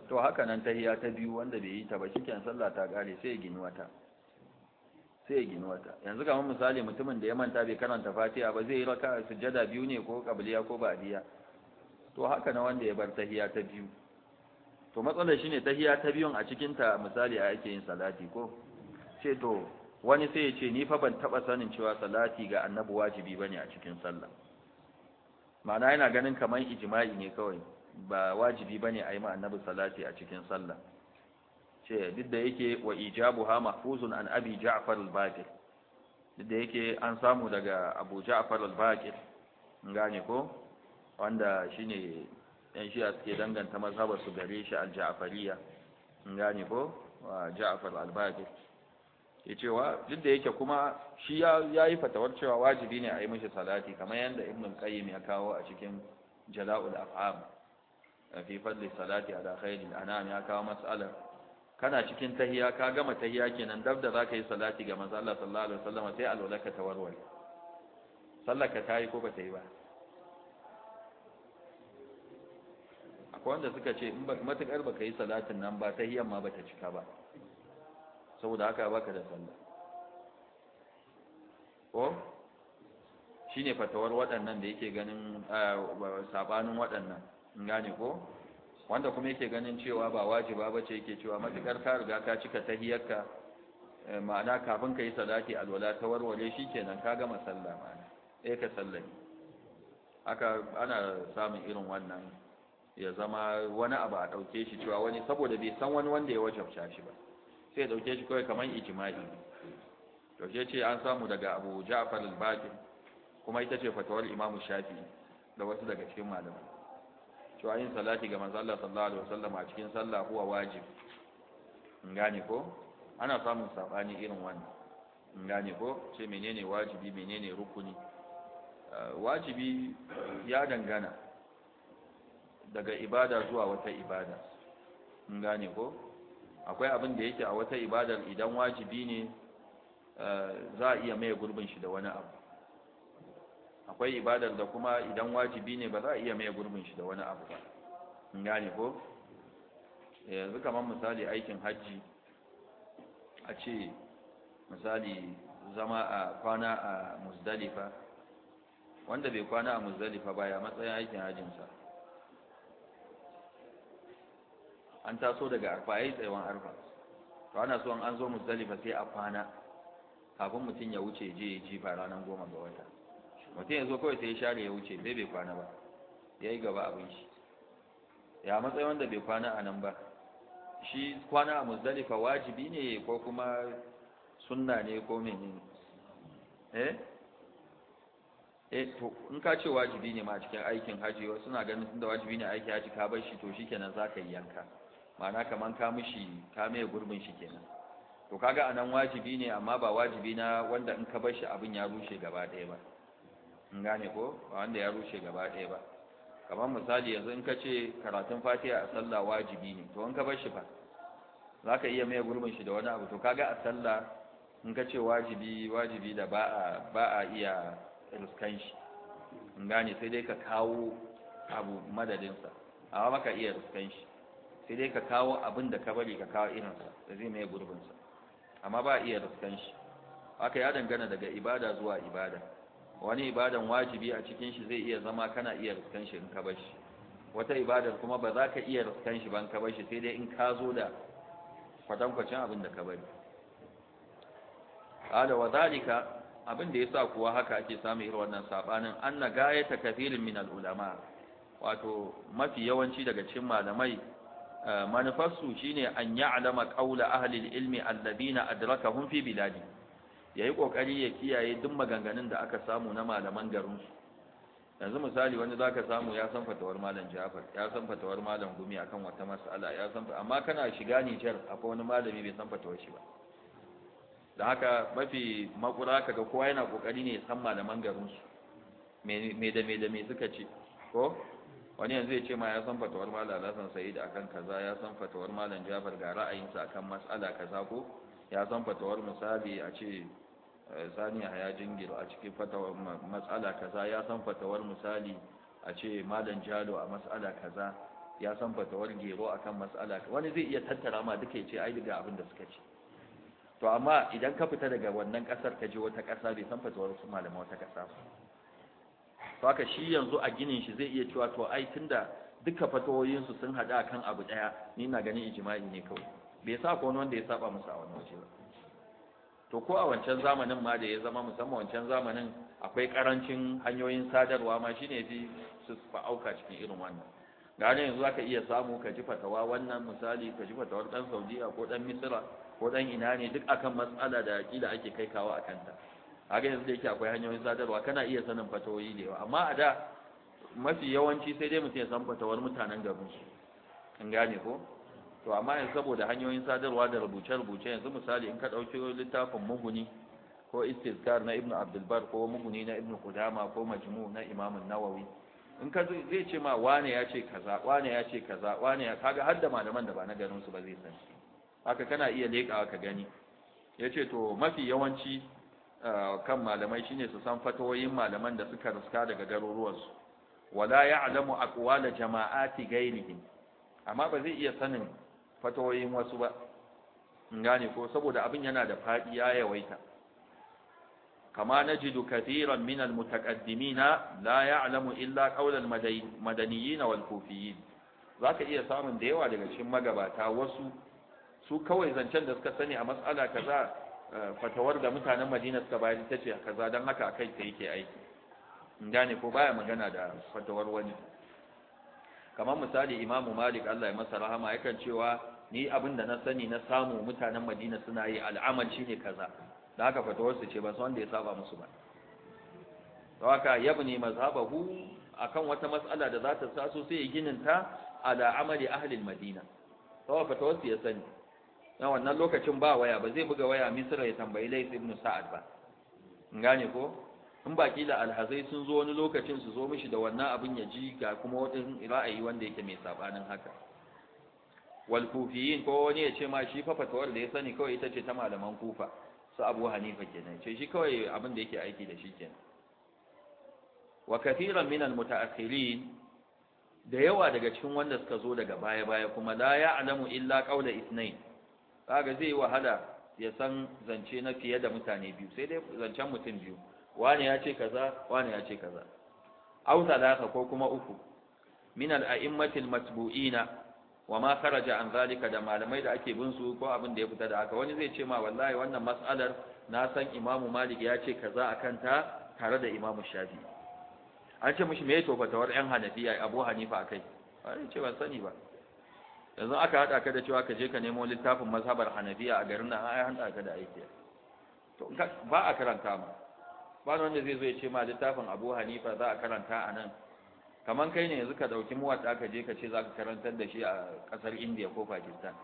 to haka nan tahiya ta biyu wanda bai yi ta ba cikin sallah ta kare sai ya gini wata sai ya gini wata yanzu kamar misali mutumin da ya manta bai karanta fatiha ba zai yi raka sujjada biyu ne ko qabliya ko ba'diya to haka na wanda ya bar tahiya ta biyu to matsalar shi ne tahiya ta biyun a cikin ta misali a ake yin salati ko ce to wani sai ya ce ni fa ban taba sanin cewa salati ga annabi wajibi bane a cikin sallah ma'ana yana ganin kamar ijma'i ne kawai ba wajibi bane a yi ma annabi salati a cikin sallah ce duk da yake wa ijabuha mahfuzun an abi ja'far al-baqir duk da yake an samu daga abu ja'far al-baqir gane ko wanda shine yan a suke danganta mazhabar su gare shi al-ja'fariya in gane ko wa ja'far al-baqir ya cewa duk da yake kuma shi ya yi fatawar cewa wajibi ne a yi mishi salati kamar yadda ibn qayyim ya kawo a cikin jala'ul af'am fi fadli salati ala khairil anam ya kawo mas'ala kana cikin tahiya ka gama tahiya kenan dab da zaka yi salati ga manzo Allah sallallahu alaihi wasallam sai alwalaka tawarwal sallaka tayi ko ba ta yi ba akwai wanda suka ce in matukar baka yi salatin nan ba ta hiyan ma ta cika ba saboda haka baka da sallah ko shine fatawar waɗannan da yake ganin sabanin waɗannan in gane ko wanda kuma yake ganin cewa ba wajiba bace yake cewa matukar ka riga ka cika ta ka eh, ma'ana kafin ka yi salati alwala ta warware shi kenan ka gama sallah ma'ana ɗaya eh, ka sallami aka ana samun irin wannan ya zama wani abu a ɗauke shi cewa wani saboda bai san wani wanda ya wajabta shi ba sai ya ɗauke shi kawai kamar ijma'i to shi ce an samu daga Abu Ja'far al baqi kuma ita ce fatawar Imam Shafi'i da wasu daga cikin malamai cewa yin salati ga manzo Allah sallallahu alaihi wasallam a cikin sallah huwa wajib in gane ko ana samun sabani irin wannan in gane ko ce menene wajibi menene rukuni eh, wajibi ya dangana daga ibada zuwa wata ibada in gane ko akwai abin da yake a wata ibadar idan wajibi ne eh, za a iya maye gurbin shi da wani abu akwai ibadar da kuma idan wajibi ne ba za a iya maye gurbin shi da wani abu ba in gane ko eh, yanzu kamar misali aikin hajji a ce misali zama a kwana a musdalifa wanda bai kwana a musdalifa ba ya matsayin aikin hajjinsa an taso daga arfa yayi tsayawan arfa to ana so an zo musdalifa sai a kwana kafin mutum ya wuce je ya jifa ranar goma ga wata mutum ya zo kawai sai ya share ya wuce bai bai kwana ba ya yi gaba abin shi ya matsayin wanda bai kwana a nan ba shi kwana a musdalifa wajibi ne ko kuma sunna ne ko menene eh eh to in ka ce wajibi ne ma cikin aikin hajji wasu suna ganin tunda wajibi ne aiki hajji ka bar shi to shikenan zaka yi yanka ma'ana kaman ka mishi ka mai gurbin shi kenan to kaga anan wajibi ne amma ba wajibi na wanda in ka bar shi abin ya rushe gaba ɗaya ba in gane ko ba wanda ya rushe gaba ɗaya ba kamar misali yanzu in ka ce karatun fatiha a sallah wajibi ne to in ka bar shi fa za ka iya mai gurbin shi da wani abu to kaga a sallah in ka ce wajibi wajibi da ba a ba a iya riskan shi in gane sai dai ka kawo abu madadinsa amma ka iya riskan shi sai dai ka kawo abin da ka bari ka kawo irinsa da zai mai gurbinsa amma ba iya rufkan shi aka ya dangana daga ibada zuwa ibada wani ibadan wajibi a cikin shi zai iya zama kana iya rufkan shi in ka bar shi wata ibadar kuma ba za ka iya rufkan shi ban ka bar shi sai dai in ka zo da kwatankwacin abin da ka bari ala wa zalika abin da yasa kuwa haka ake samu irin wannan sabanin anna gayata kathirin min al ulama wato mafi yawanci daga cikin malamai Eh, manufarsu ne an ya'lama qawla ahli al-ilmi alladhina adrakahum fi biladi yi ƙoƙari ya kiyaye duk maganganun da aka samu na malaman garinsu. yanzu misali wani za ka samu ya san fatawar malam Jafar ya san fatawar malam Gumi a kan wata mas'ala ya san amma kana shiga Niger akwai wani malami bai san fatawar shi ba da haka mafi makura ga kowa yana ƙoƙari ne ya san malaman garinsu. me da me da me suka ce ko wani yanzu ya ce ma ya san fatawar malam Hassan Sa'id akan kaza ya san fatawar malam Jafar ga ra'ayinsa akan mas'ala kaza ko ya san fatawar misali a ce eh, sani haya jingiro a cikin fatawar mas'ala kaza ya san fatawar misali a ce malam Jalo a mas'ala kaza ya san fatawar gero akan mas'ala wani zai iya tattara ma duka ya ce ai daga abin da suka ce to amma idan ka fita daga wannan kasar ka je wata kasa bai san fatawar su malama wata kasa ba to haka shi yanzu a ginin shi zai iya cewa to ai tunda duka fatawoyin su sun hada kan abu daya ni na ganin ijma'i ne kawai bai sa ko wanda ya saba musu a wannan waje ba to ko a wancan zamanin ma da ya zama musamman wancan zamanin akwai karancin hanyoyin sadarwa ma shine fi su fa'auka cikin irin wannan gane yanzu zaka iya samu ka ji fatawa wannan misali ka ji fatawar dan Saudiya ko dan Misira ko dan ina ne duk akan matsala da aqida ake kai kawo akan ta haka yanzu da yake akwai hanyoyin sadarwa kana iya sanin fatawoyi da yawa amma a da mafi yawanci sai dai mutum ya san fatawar mutanen garin su in gane ko to amma yanzu saboda hanyoyin sadarwa da rubuce-rubuce yanzu misali in ka ɗauki littafin muguni ko istizkar na ibnu abdulbar ko muguni na ibnu kudama ko majmu na imamun nawawi in ka zai ce ma wane ya ce kaza wane ya ce kaza wane ya kaga har da malaman da ba na garin su ba zai san haka kana iya leƙawa ka gani yace to mafi yawanci kan malamai shine su san fatoyin malaman da suka ruska daga garuruwansu wala ya'lamu aqwal jama'ati ghairihim amma ba zai iya sanin fatoyin wasu ba gane ko saboda abin yana da fadi ya yawaita kama najidu kathiran min almutaqaddimina la ya'lamu illa qawla almadaniyyin wal zaka iya samun da yawa daga cikin magabata wasu su kawai zancen da suka sani a matsala kaza Eh, fatawar da mutanen madina suka bayar ta ce kaza don haka a kai ta yake aiki in gane ko baya magana da fatawar wani kamar misali imamu malik allah ya masa rahama yakan cewa ni abin da na sani na samu mutanen madina suna yi al'amal shine kaza da haka fatawar su ce ba su wanda ya saba musu ba don haka ne mazhabahu akan wata matsala da za ta taso sai ya ginin ta ala amali ahlil madina sawa fatawar su ya sani na wannan lokacin ba waya ba zai buga waya misira ya tambayi Laif ibn sa'ad ba gane ko in ba kila alhazai sun zo wani lokacin su zo mishi da wannan abin ya ji ga kuma wani ra'ayi wanda yake mai sabanin haka wal kufiyin ko wani ya ce ma shi fa fatawar da ya sani kawai ita ce ta malaman kufa su abu hanifa kenan ce shi kawai abin da yake aiki da shi kenan wa kathiran min al mutaakhirin da yawa daga cikin wanda suka zo daga baya baya kuma la ya'lamu illa qawla ithnain kaga zai wahala ya san zance na fiye da mutane biyu sai dai zancen mutum biyu wani ya ce kaza wani ya ce kaza ko kuma uku min al a'immatil matbu'ina wa ma kharaja an zalika da malamai da ake bin su ko abin da ya fita da haka wani zai ce ma wallahi wannan mas'alar na san imamu malik ya ce kaza akan ta tare da imamu shafi'i an ce mishi me ya tofata war yan ai abu hanifa akai ba ce ban sani ba yanzu aka haɗa ka da cewa ka je ka nemo littafin mazhabar hanafiya a garin nan ai haɗa ka da aiki to ba a karanta ma ba wanda zai zo ya ce ma littafin abu hanifa za a karanta a nan kamar kai ne yanzu ka ɗauki muwatta ka je ka ce za ka karantar da shi a ƙasar indiya ko pakistan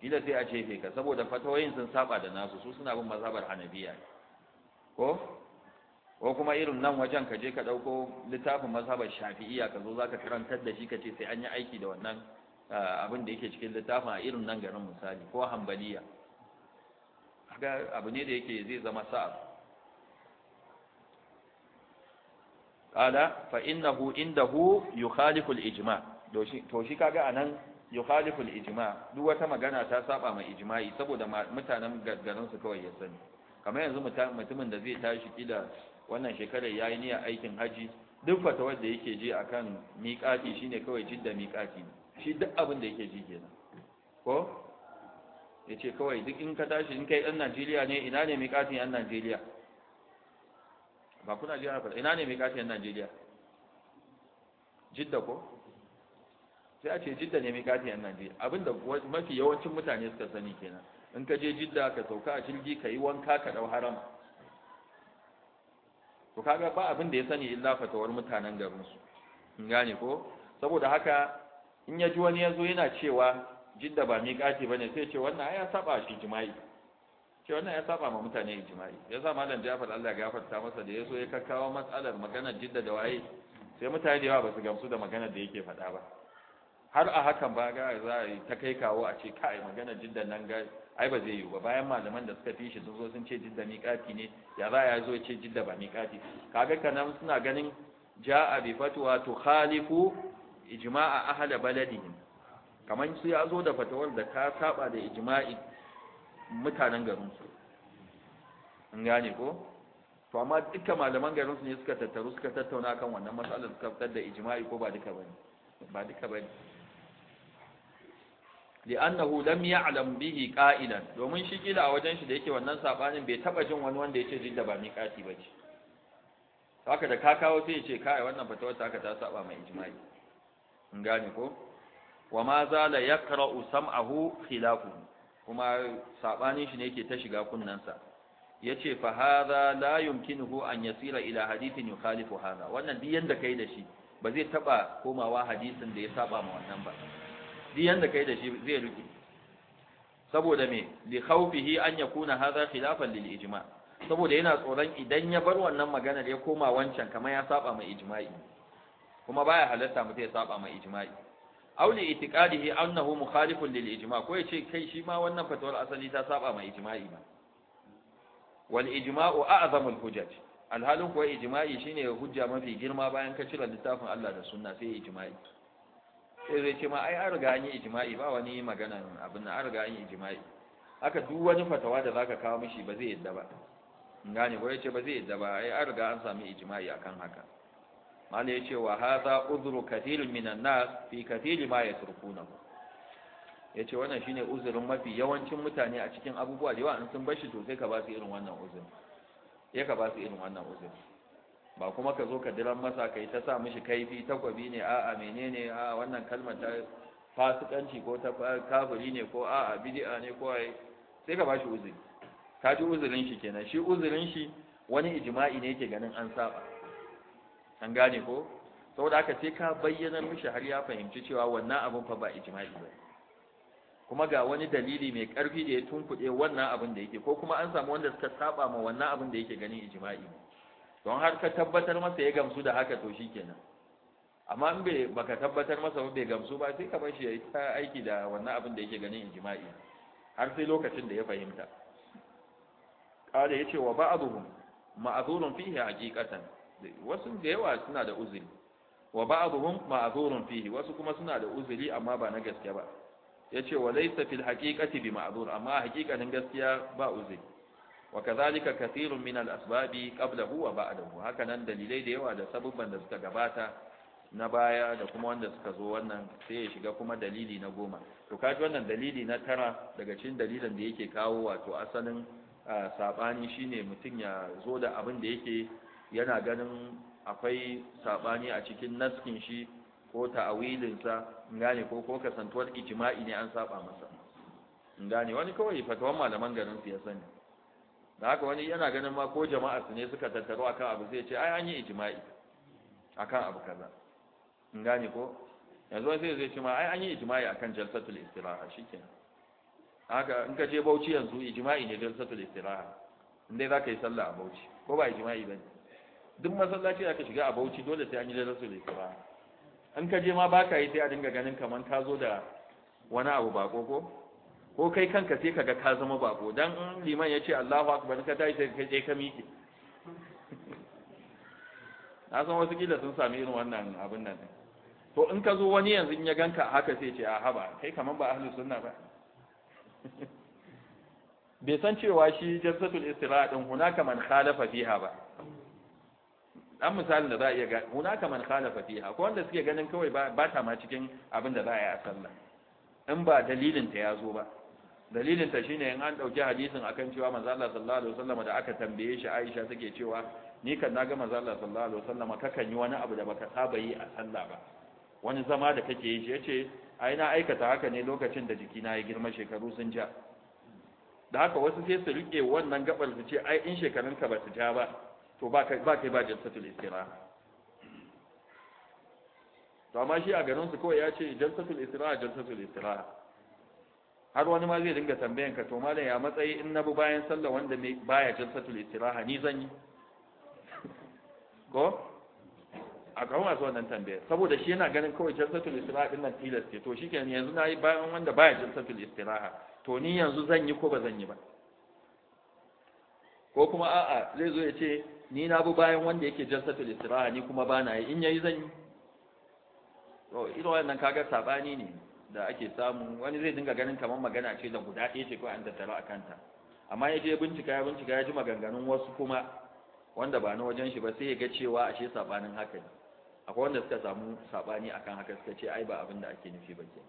kila sai a cefe ka saboda fatawoyin sun saba da nasu su suna bin mazhabar hanabiya ko ko kuma irin nan wajen ka je ka ɗauko littafin mazhabar shafi'iya ka zo za ka karantar da shi ka ce sai an yi aiki da wannan Eh, abin da yake cikin littafin a irin nan garin misali ko hambaliya ga abu ne da yake zai zama sa'ar Kada fa innahu indahu yukhalifu ijma to shi kaga anan yukhalifu ijma duk wata magana ta saba ma ijma'i saboda mutanen garin su kawai ya sani kamar yanzu mutumin da zai tashi kila wannan shekarar yayi niyyar aikin haji duk fatawar da yake je akan miƙati shine kawai jidda miƙati ne shi duk abin da yake ji kenan ko ya ce kawai duk in ka tashi in kai ɗan najeriya ne ina ne miƙatin yan najeriya ba kuna ji ana faɗa ina ne miƙatin yan najeriya jidda ko sai a ce jidda ne miƙatin yan najeriya abinda mafi yawancin mutane suka sani kenan in ka je jidda ka sauka a jirgi ka yi wanka ka ɗau harama to kaga ba abin da ya sani illa fatawar mutanen garinsu in gane ko saboda haka in ya ji wani ya zo yana cewa jidda ba miƙati ba ne sai ce wannan ya saba shi jima'i ce wannan ya saba ma mutane jima'i ya sa malam jafar allah gafarta masa da ya zo ya kakkawo matsalar maganar jidda da waye sai mutane da yawa ba su gamsu da maganar da yake faɗa ba har a hakan ba ga za a yi ta kai kawo a ce kai maganar jidda nan ga ai ba zai yiwu ba bayan malaman da suka fi shi sun zo sun ce jidda miƙati ne ya za ya zo ya ce jidda ba miƙati kaga kanan suna ganin ja'a bi fatwa tukhalifu ijma'a ahla baladihim kaman su ya zo da fatawar da ta saba da ijma'i mutanen garin su an gane ko to amma dukkan malaman garin su ne suka tattaru suka tattauna kan wannan matsalar suka fitar da ijma'i ko ba duka bane ba duka bane li'annahu lam ya'lam bihi qa'ilan domin shi kila a wajen shi da yake wannan sabanin bai taba jin wani wanda jin da ba miqati bace haka da ka kawo sai ya ce kai wannan fatawar ta ka ta saba mai ijma'i in gane ko wa ma zala yaqra'u sam'ahu khilafu kuma sabanin shi ne yake ta shiga kunnansa yace fa hadha la yumkinuhu an yasira ila hadithin yukhalifu hadha wannan duk yanda kai da shi ba zai taba komawa hadisin da ya saba ma wannan ba duk yanda kai da shi zai ruki saboda me li khawfihi an yakuna hadha khilafan lil ijma' saboda yana tsoron idan ya bar wannan maganar ya koma wancan kamar ya saba ma ijma'i kuma baya halatta mutum ya saba ma ijma'i auli itiqadihi annahu mukhalifun lil ijma' ko yace kai shi ma wannan fatawar asali ta saba ma ijma'i ma wal ijma'u a'zamul hujaj alhalin ko ijma'i shine hujja mafi girma bayan ka cire littafin Allah da sunna sai ijma'i sai zai ce ma ai an riga an yi ijma'i ba wani magana abin nan an riga an yi ijma'i haka duk wani fatawa da zaka kawo mishi ba zai yadda ba gane ko yace ba zai yadda ba ai an riga an sami ijma'i akan haka mala ce wa haza uzuru kathir minan nas fi kathir ma yatrukuna ce, wannan shine uzurin mafi yawancin mutane a cikin abubuwa da yawa in sun bashi to sai ka ba su irin wannan uzurin ya ka ba su irin wannan uzurin ba kuma ka zo ka diran masa kai ta sa mishi kaifi takwabi ne a'a menene a wannan kalmar ta fasikanci ko ta kafiri ne ko a'a bid'a ne ko ai sai ka bashi uzuri ka ji uzurin shi kenan shi uzurin shi wani ijma'i ne yake ganin an saba an gane ko saboda aka sai ka bayyana mishi har ya fahimci cewa wannan abin fa ba ijma'i ba kuma ga wani dalili mai karfi da ya tunkuɗe wannan abin da yake ko kuma an samu wanda suka saba ma wannan abin da yake ganin ijma'i don har ka tabbatar masa ya gamsu da haka to shikenan amma in bai baka tabbatar masa bai gamsu ba sai ka bar shi ya ta aiki da wannan abin da yake ganin ijma'i har sai lokacin da ya fahimta kada yace wa ba'dhum ma'zurun fihi haqiqatan wasu da yawa suna da uzuri wa ba'dhum ma'zurun fihi wasu kuma suna da uzuri amma ba na gaske ba yace wa laysa fil haqiqati bi ma'zur amma haqiqanin gaskiya ba uzuri wa kadhalika kathirun min al asbabi qablahu wa ba'dahu haka nan dalilai da yawa da sabubban da suka gabata na baya da kuma wanda suka zo wannan sai ya shiga kuma dalili na goma to kaji wannan dalili na tara daga cikin dalilan da yake kawo wato asalin ah, sabani shine mutum ya zo da abin da yake yana ganin akwai sabani a cikin naskin shi ko ta'awilinsa in gane ko ko kasantuwar ijma'i ne an saba masa in gane wani kawai fatawan malaman garin su ya sani da haka wani yana ganin ma ko jama'a su ne suka tattaro akan abu zai ce ai an yi ijma'i akan abu kaza in gane ko yanzu wani sai zai ce ma ai an yi ijma'i akan jalsatul istiraha shikenan haka in ka je Bauchi yanzu ijma'i ne jalsatul istiraha in dai za ka yi sallah a Bauchi ko ba ijma'i bane duk masallaci da ka shiga a Bauchi dole sai an yi da ikra in ka je ma baka yi sai a dinga ganin kaman ka zo da wani abu bako ko ko kai kanka sai kaga ka zama bako dan liman ya ce Allahu akbar ka tashi sai ka je ka miƙe na san wasu kila sun sami irin wannan abin nan to in ka zo wani yanzu in ya ganka haka sai ce a haba kai kaman ba ahlus sunna ba bai san cewa shi jazzatul istira din hunaka man khalafa fiha ba dan misalin da za a iya ga hunaka man khalafa fiha ko wanda suke ganin kawai ba ta ma cikin abin da za a yi a sallah in ba dalilin ta ya zo ba dalilin ta shine in an dauki hadisin akan cewa manzo Allah sallallahu alaihi wasallam da aka tambaye shi Aisha take cewa ni kan naga manzo Allah sallallahu alaihi wasallam kakan yi wani abu da baka saba yi a sallah ba wani zama da kake yi shi yace ai na aikata haka ne lokacin da jiki na ya girma shekaru sun ja da haka wasu sai su rike wannan gabar su ce ai in shekarunka ba su ja ba to ba kai ba kai ba jalsatul istiraha to amma shi a garin su kawai ya ce jalsatul istiraha jalsatul istiraha har wani ma zai dinga tambayan ka to malam ya matsayi in na bi bayan sallah wanda mai baya jalsatul istiraha ni zan yi ko a kawo masu wannan tambaya saboda shi yana ganin kawai jalsatul istiraha din nan tilas ce to shikenan yanzu na yi bayan wanda baya jalsatul istiraha to ni yanzu zan yi ko ba zan yi ba ko kuma a'a zai zo ya ce ni na bi bayan wanda yake jalsatul istiraha ni kuma ba yi in yayi zan yi to ido wannan kaga sabani ne da ake samu wani zai dinga ganin kamar magana ce da guda ɗaya ce ko an tattara a kanta amma ya je bincika ya bincika ya ji maganganun wasu kuma wanda ba na wajen shi ba sai ya ga cewa ashe sabanin haka ne akwai wanda suka samu sabani akan haka suka ce ai ba abin da ake nufi ba ke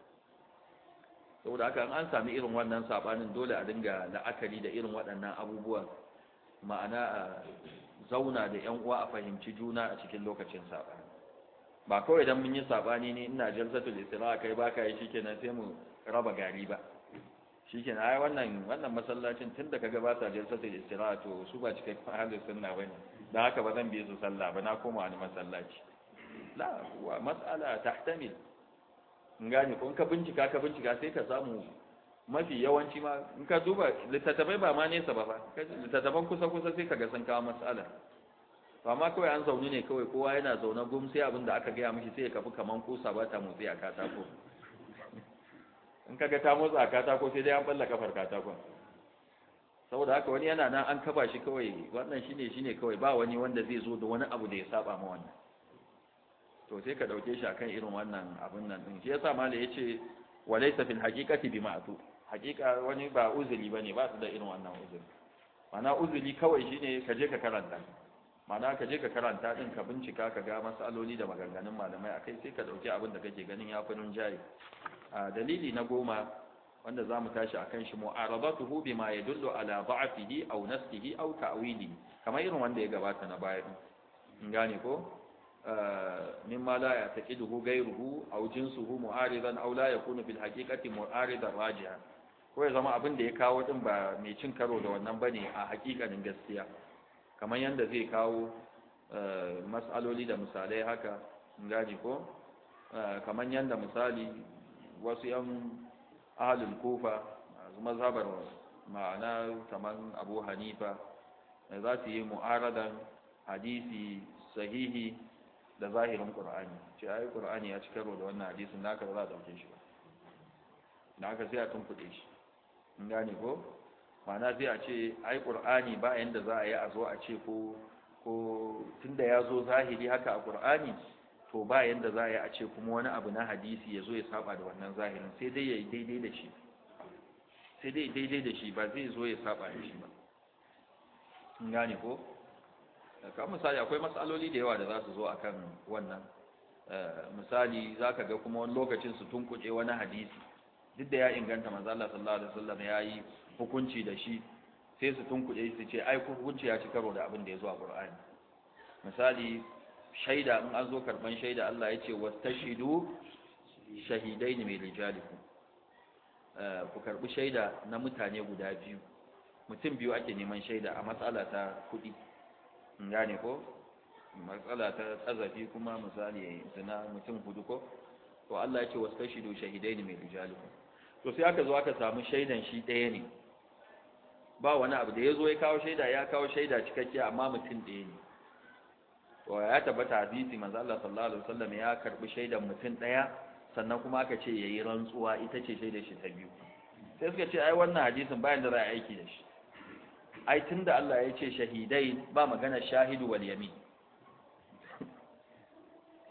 saboda haka an sami irin wannan sabanin dole a dinga la'akari da irin waɗannan abubuwan ma'ana a zauna da yan uwa a fahimci juna a cikin lokacin saɓani ba kawai idan mun yi saɓani ne ina jalsatul isra kai baka yi shikenan sai mu raba gari ba shikenan ai wannan wannan masallacin tun da kaga ba sa jalsatul istiraha to su ba cikakken ahlus sunna bane dan haka ba zan bi su sallah ba na koma wani masallaci la wa mas'ala tahtamil in gane ko ka bincika ka bincika sai ka samu mafi yawanci ma in ka duba littattafai ba ma nesa ba fa littattafan kusa kusa sai ga sun kawo matsala ba ma kawai an zaune ne kawai kowa yana zaune gum sai abin da aka gaya mishi sai ya kafi kaman kusa ba ta motsi a katako in ka ga ta motsa a katako sai dai an balla kafar katakon saboda haka wani yana nan an kaba shi kawai wannan shine shine kawai ba wani wanda zai zo da wani abu da ya saba ma wannan to sai ka dauke shi akan irin wannan abin nan din shi yasa malai yace walaysa fil haqiqati bima'tu hakika wani ba uzuri ba ne ba su da irin wannan uzuri mana uzuri kawai shine ka je ka karanta mana ka je ka karanta din ka bincika ka ga matsaloli da maganganun malamai akai sai ka ɗauki abin da kake ganin ya fi jayi dalili na goma wanda za mu tashi a kan shi mu mu'arabatuhu bima yadullu ala da'fihi aw nasbihi aw ta'wilihi kamar irin wanda ya gabata na baya in gane ko مما لا يعتقده غيره أو جنسه معارضا أو لا يكون bil الحقيقة معارضا راجعا ko ya zama abin da ya kawo din ba mai cin karo da wannan ba ne a hakikanin gaskiya kamar yadda zai kawo eh, mas'aloli da misalai haka gaji ko eh, kamar yadda misali wasu yan ahalin kufa mazhabar ma'ana kamar abu hanifa eh, za su yi mu'aradan hadisi sahihi da zahirin ƙur'ani. ce ayi ƙura'ani ya ci karo da wannan hadisin da aka za a dauke shi ba aka sai a tunkuɗe shi in gane ko ma'ana sai a ce ai qur'ani ba yanda za a yi a zo a ce ko ko tunda ya zo zahiri haka a qur'ani to ba yanda za a yi a ce kuma wani abu na hadisi ya zo ya saba da wannan zahirin sai dai ya yi daidai da shi sai dai daidai da shi ba zai zo ya saba da shi ba in gane ko ka misali akwai matsaloli da yawa da za su zo akan wannan eh, misali zaka ga kuma wani lokacin su tunkuce wani hadisi duk da ya inganta manzo Allah sallallahu alaihi wasallam ya yi hukunci da shi sai su tunkuɗe su ce ai hukunci ya ci karo da abin da ya zo a Qur'ani misali shaida in an zo karban shaida Allah ya ce wastashidu shahidaini min rijalikum eh, ku karbi shaida na mutane guda biyu mutum biyu ake neman shaida a matsala ta kuɗi in gane ko matsala ta tsazafi kuma misali zina mutum hudu ko to Allah ya ce wastashidu shahidaini min rijalikum to sai aka zo aka samu shaidan shi ɗaya ne ba wani abu da ya zo ya kawo shaida ya kawo shaida cikakke amma mutum ɗaya ne to ya tabbata hadisi manzo Allah sallallahu alaihi wasallam ya karbi shaidan mutum ɗaya sannan kuma aka ce yayi rantsuwa ita ce shaidar shi ta biyu sai suka ce ai wannan hadisin bayan da za a aiki da shi ai tunda Allah ya ce shahidai ba magana shahidu wal yamin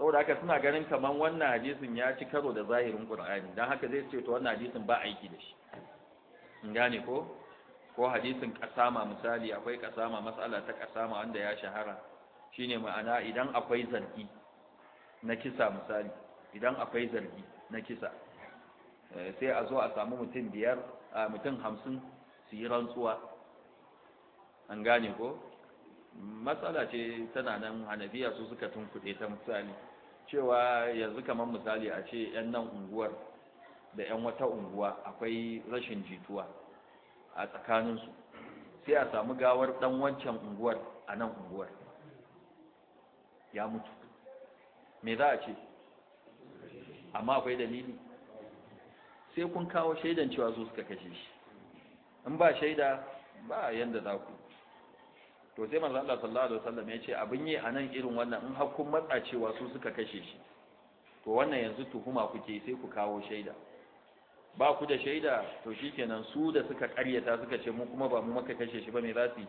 saboda haka suna ganin kaman wannan hadisin ya ci karo da zahirin Qur'ani dan haka zai ce to wannan hadisin ba aiki da shi in gane ko ko hadisin kasama misali akwai kasama mas'ala ta kasama wanda ya shahara shine ma'ana idan akwai zargi na kisa misali idan akwai zargi na kisa eh, sai a zo a samu mutum biyar a mutum hamsin su yi rantsuwa an gane ko matsala ce tana nan hanabiya su suka tunkuɗe ta misali cewa yanzu kamar misali a ce 'yan nan unguwar da 'yan wata unguwa akwai rashin jituwa a tsakaninsu sai a samu gawar ɗan wancan unguwar a nan unguwar ya mutu me za a ce amma akwai dalili sai kun kawo shaidan cewa su suka kashe shi in ba shaida ba yadda za ku to sai manzo Allah sallallahu alaihi wasallam ya ce abin yi anan irin wannan in hakkun matsa cewa su suka kashe shi to wannan yanzu tuhuma kuke sai ku kawo shaida ba ku da shaida to shikenan su da suka karyata suka ce mu kuma ba mu maka kashe shi ba me za su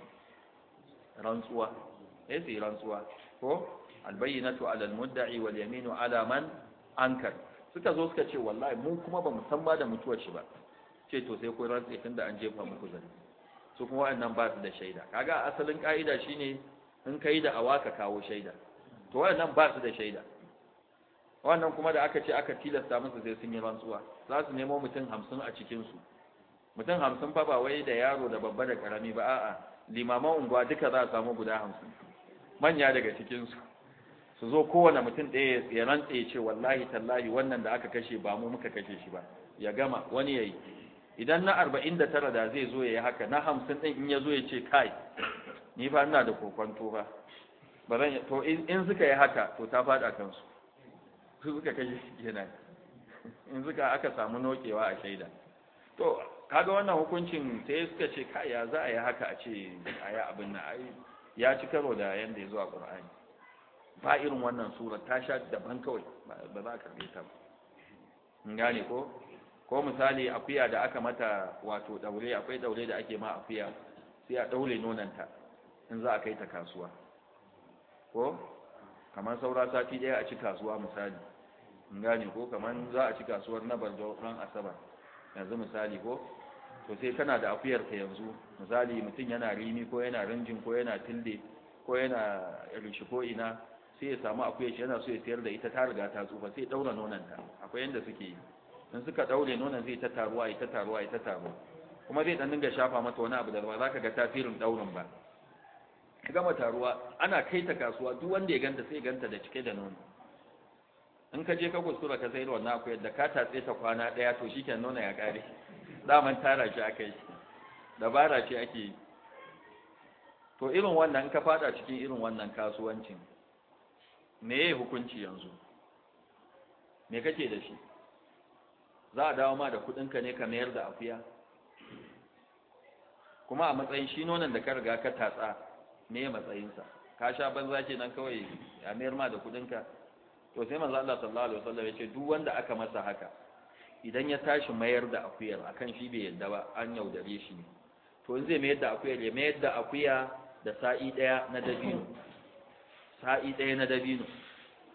rantsuwa sai su rantsuwa ko albayyinatu ala almudda'i wal yaminu ala man ankar suka zo suka ce wallahi mu kuma ba mu san ba da mutuwar shi ba ce to sai ku rantsi tunda an jefa muku zalunci su kuma waɗannan ba su da shaida kaga asalin ka'ida shine in kai da awa ka kawo shaida to waɗannan ba su da shaida wannan kuma da aka ce aka tilasta musu sai sun yi rantsuwa za su nemo mutum hamsin a cikinsu mutum hamsin fa ba wai da yaro da babba da karami ba a'a limaman unguwa duka za a samu guda hamsin manya daga cikinsu su zo kowane mutum ɗaya ya rantse ce wallahi tallahi wannan da aka kashe ba mu muka kashe shi ba ya gama wani ya yi idan na arba'in da tara da zai zo ya yi haka na hamsin ɗin in ya zo ya ce kai ni fa ina da kokwanto ba ba zan to in suka yi haka to ta faɗa kansu su suka shi kenan in suka aka samu nokewa a shaida to kaga wannan hukuncin sai suka ce kai ya za a yi haka a ce a yi abin na ai ya ci karo da yanda ya zo a ƙur'ani. ba irin wannan sura ta sha daban kawai ba za ka karbe ta ba In gane ko ko misali akuya da aka mata wato daure akwai daure da ake ma akuya sai a daure nonanta in za a kai ta kasuwa ko kamar saura sati daya a ci kasuwa misali in gane ko kamar za a ci kasuwar na barjo ran asabar yanzu misali ko to sai kana da akuyar ka yanzu misali mutum yana rimi ko yana rinjin ko yana tilde ko yana rishi ko ina sai ya samu akuyar shi yana so ya sayar da ita ta riga ta tsufa sai daura nonanta akwai yanda suke yi in suka ɗaure, nonon zai ta taruwa ya ta taruwa ya ta taruwa kuma zai dan shafa mata wani abu da ba za ka ga tasirin daurin ba ka gama taruwa ana kai ta kasuwa duk wanda ya ganta sai ganta da cike da nono in ka je ka kuskura ka sayar wannan akwai da ka tatse ta kwana daya to shikenan nuna ya kare daman tara shi aka yi dabara ce ake yi to irin wannan ka fada cikin irin wannan kasuwancin me ya yi hukunci yanzu me kake da shi za a dawo ma da kuɗinka ne ka mayar da akuya kuma a matsayin shi nonon da ka riga ka tatsa me matsayinsa ka sha banza ke nan kawai a mayar ma da kuɗinka to sai manzo Allah sallallahu alaihi wasallam ya ce duk wanda aka masa haka idan ya tashi mayar da akuyar akan shi bai yadda ba an yaudare shi ne to in zai mayar da akuyar ya mayar da akuya da sa'i daya na dabino sa'i daya na dabino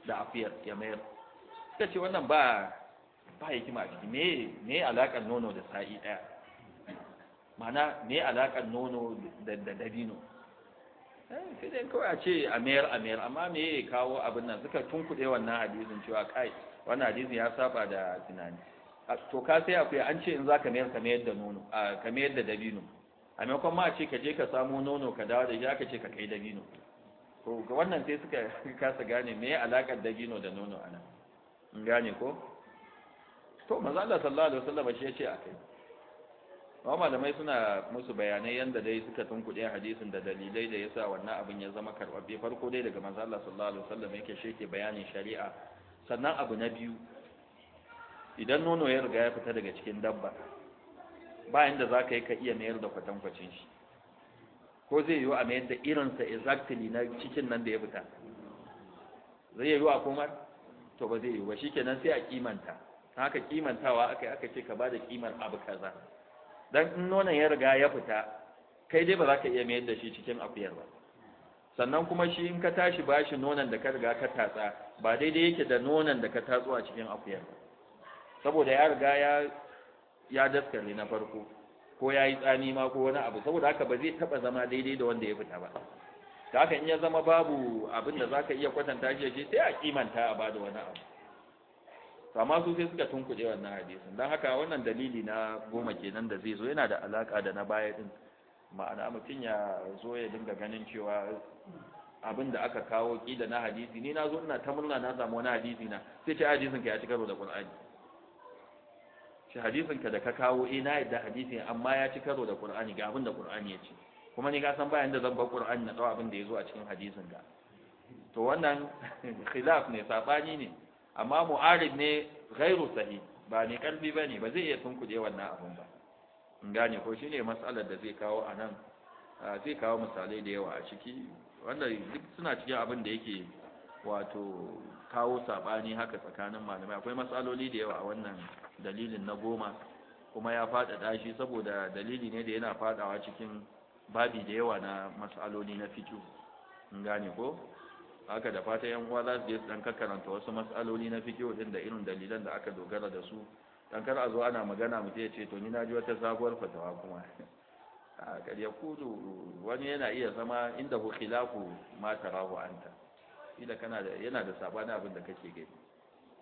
da akuyar ya mayar kace ce wannan ba ba hikima a ciki me me alakar nono da sa'i daya ma'ana me alakar nono da da dabino eh, sai dai kawai a ce a mayar a mayar amma me ya kawo abin nan suka tunkuɗe wannan hadisin cewa kai wannan hadisin ya saba da tunani to ka sai akwai an ce in za ka mayar ka mayar da nono ka mayar da dabino a maimakon ma a ce ka je ka samo nono ka dawo da shi aka ce ka kai dabino to ga wannan sai suka kasa gane me ya alakar dabino da nono ana in gane ko to manzo Allah sallallahu alaihi wasallam shi yace akai amma malamai suna musu bayanai yanda dai suka tunkuɗe hadisin da dalilai da yasa wannan abin ya zama karbabbe farko dai daga manzo Allah sallallahu alaihi wasallam yake sheke bayanin shari'a sannan abu na biyu idan nono ya riga ya fita daga cikin dabba bayan da zaka yi ka iya mayar da kwatankwacin shi ko zai yiwu a mayar da irinsa exactly na cikin nan da ya fita zai yiwu a komar to ba zai yiwu ba shikenan sai a kimanta haka kimantawa aka aka ce ka ba da kimar abu kaza dan in nonon ya riga ya fita kai dai ba za ka iya mayar da shi cikin akuyar ba sannan kuma shi in ka tashi bashi nonon da ka riga ka tatsa ba daidai yake da nonon da ka tatso a cikin akuyar ba saboda ya riga ya ya daskare na farko ko ya yi tsani ma ko wani abu saboda haka ba zai taba zama daidai da wanda ya fita ba ta haka in ya zama babu abin da za ka iya kwatanta shi sai a kimanta a ba da wani abu to amma su sai suka tunkuɗe wannan hadisin don haka wannan dalili na goma kenan da zai zo yana da alaka da na baya din ma'ana mutum ya zo ya dinga ganin cewa abin da aka kawo kila na hadisi ni na zo ina ta murna na samu wani hadisi na sai ce hadisin ka ya ci karo da qur'ani shi hadisin ka da ka kawo eh na yadda hadisi amma ya ci karo da qur'ani ga abin da qur'ani ya ci, kuma ni ka san bayan da zan bar qur'ani na tsawo abin da ya zo a cikin hadisin ka to wannan khilaf ne sabani ne amma mu'arid ne ghairu sahih ba ne karfi bane ba zai iya tunkuɗe wannan abun ba in gane ko shine mas'alar da zai kawo anan zai kawo misalai da yawa a ciki wanda duk suna cikin abin da yake wato kawo sabani haka tsakanin malamai akwai mas'aloli da yawa a wannan dalilin na goma kuma ya faɗaɗa shi saboda dalili ne da yana faɗawa cikin babi da yawa na mas'aloli na fitu in gane ko haka da fata yan uwa za su je su dan karanta wasu matsaloli na fikihu din da irin dalilan da aka dogara da su dan kar a zo ana magana mu ya ce to ni na ji wata sabuwar fatawa kuma a ya kudu wani yana iya zama inda hu khilafu ma tarahu anta ila kana da yana da sabani abin da kake gani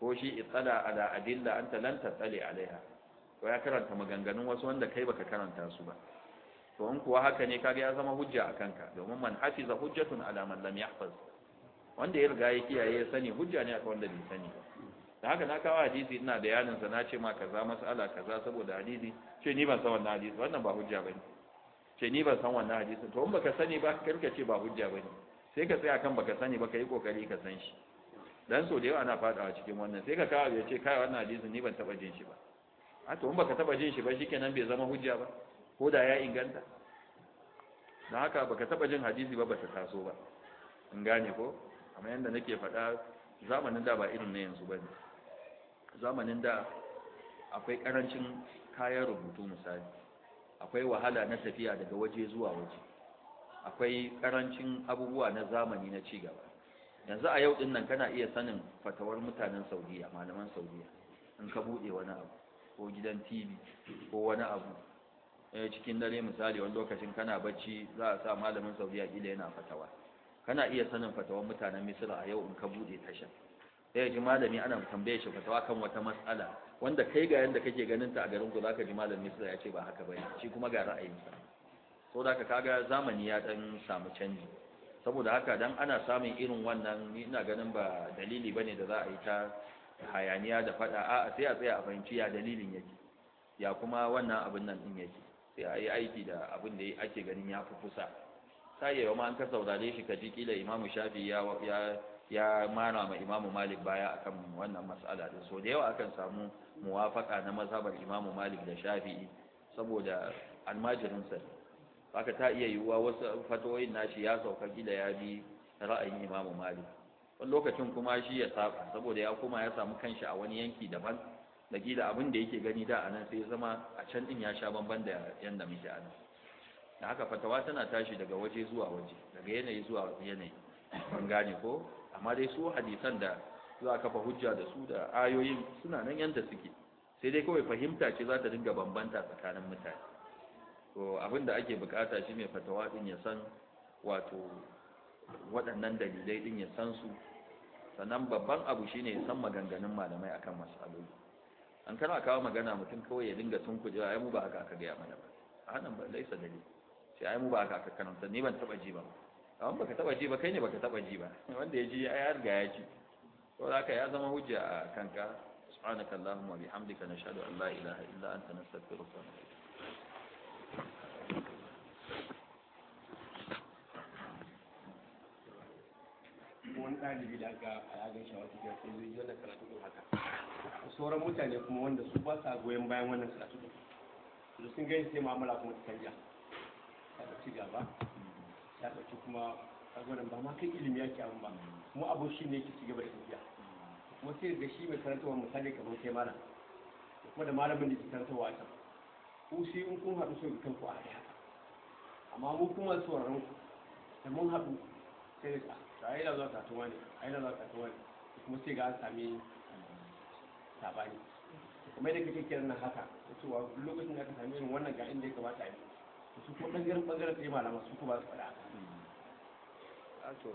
ko shi itsala ala adilla anta lan tatsali alaiha to ya karanta maganganun wasu wanda kai baka karanta su ba to in kuwa haka ne kaga ya zama hujja akan ka domin man hafiza hujjatun ala man lam yahfaz wanda ya riga ya kiyaye ya sani hujja ne akan wanda bai sani ba da haka na kawo hadisi ina da yanin sa na ce ma kaza mas'ala kaza saboda hadisi ce ni ban san wannan hadisi wannan ba hujja bane ce ni ban san wannan hadisi to in baka sani ba karka ce ba hujja bane sai ka tsaya kan baka sani ba kai kokari ka san shi dan so da yawa ana fadawa cikin wannan sai ka kawo ya ce kai wannan hadisi ni ban taba jin shi ba a to in baka taba jin shi ba shikenan bai zama hujja ba ko da ya inganta dan haka baka taba jin hadisi ba ba ta taso ba in gane ko kamar yadda nake faɗa zamanin da ba irin na yanzu ba ne zamanin da akwai ƙarancin kayan rubutu misali akwai wahala na tafiya daga waje zuwa waje akwai ƙarancin abubuwa na zamani na cigaba yanzu a yau dinnan kana iya sanin fatawar mutanen saudiya malaman saudiya in ka buɗe wani abu ko gidan tv ko wani abu eh, cikin dare misali wani lokacin kana bacci za a sa malamin saudiya kila yana fatawa kana iya sanin fatawan mutanen misira a yau in ka bude tasha sai ji malami ana tambaye shi fatawa kan wata matsala wanda kai ga yanda kake ganin ta a garin ku zaka ji malamin misira ya ce ba haka bane shi kuma ga ra'ayinsa so da ka kaga zamani ya dan samu canji saboda haka dan ana samun irin wannan ni ina ganin ba dalili bane da za a yi ta hayaniya da fada a sai a tsaya a fahimci ya dalilin yake ya kuma wannan abin nan din yake sai a yi aiki da abin da ake ganin ya fi kusa ta yi yawa an ka saurare shi ka ji kila imamu shafi ya ya mana ma imamu malik baya akan wannan mas'ala da so da yawa akan samu muwafaka na mazhabar imamu malik da shafi'i saboda sa haka ta iya yiwuwa wasu fatoyin nashi ya sauka kila ya bi ra'ayin imamu malik wani lokacin kuma shi ya saba saboda ya koma ya samu kanshi a wani yanki daban da kila abin da yake gani da anan sai ya zama a can din ya sha bamban da yanda muke nan da haka fatawa tana tashi daga waje zuwa waje daga yanayi zuwa yanayi an gane ko amma dai su hadisan da za a kafa hujja da su da ayoyin suna nan yanda suke sai dai kawai fahimta ce za ta dinga bambanta tsakanin mutane to abin da ake bukata shi mai fatawa din ya san wato waɗannan dalilai din ya san su sannan babban abu shine ya san maganganun malamai akan masaloli an kana kawo magana mutum kawai ya dinga tunkuje ai mu ba haka aka gaya mana ba A nan ba laisa dalili sai ai mu ba ka kanamta ni ban taba ji ba amma baka taba ji ba kai ne baka taba ji ba wanda ya ji ai ya ga ya ji to haka ya zama hujja a kanka subhanaka allahumma bihamdika nashhadu an la ilaha illa anta nastaghfiruka wa natubu wani ɗalibi da ga a gan shawar ta sai zai yi wannan karatu ko haka sauran mutane kuma wanda su ba sa goyon bayan wannan karatu ɗin sun gani sai mu'amala kuma ta canja ya ɗauki gaba ya ɗauki kuma kagwarin ba ma kai ilimi yake abin ba kuma abin shi ne yake ci gaba da tafiya kuma sai ga shi mai karantarwa misali kamar kai malam kuma da malamin da ke karantarwa a can ku sai in kun haɗu sai ga kanku a haka amma mu kuma sauraron ku da mun haɗu sai da ta ah, ai da za ta tuwa ne ai da za ta tuwa ne kuma sai ga an sami sabani kuma da kake kiran nan haka cewa lokacin da aka sami irin wannan ga inda ya kamata a yi su ɓangaren su malama su su to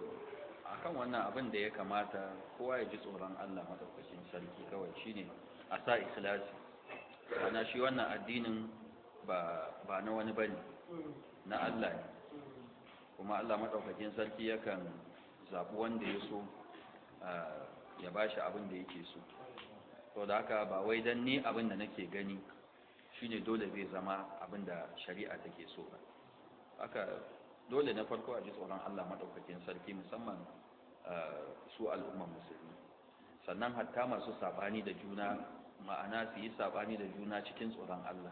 akan wannan abin da ya kamata kowa ya ji tsoron Allah madaukakin sarki kawai shine a sa ikhlasi ana shi wannan addinin ba na wani bane na Allah ne kuma Allah madaukakin sarki yakan zabi wanda ya so ya bashi abin da yake so to da haka ba wai dan ni abin da nake gani shine dole zai zama abin da shari'a take so ba haka dole na farko a ji tsoron Allah madaukakin sarki musamman eh, su al'umman musulmi sannan hatta masu sabani da juna ma'ana su yi sabani da juna cikin tsoron Allah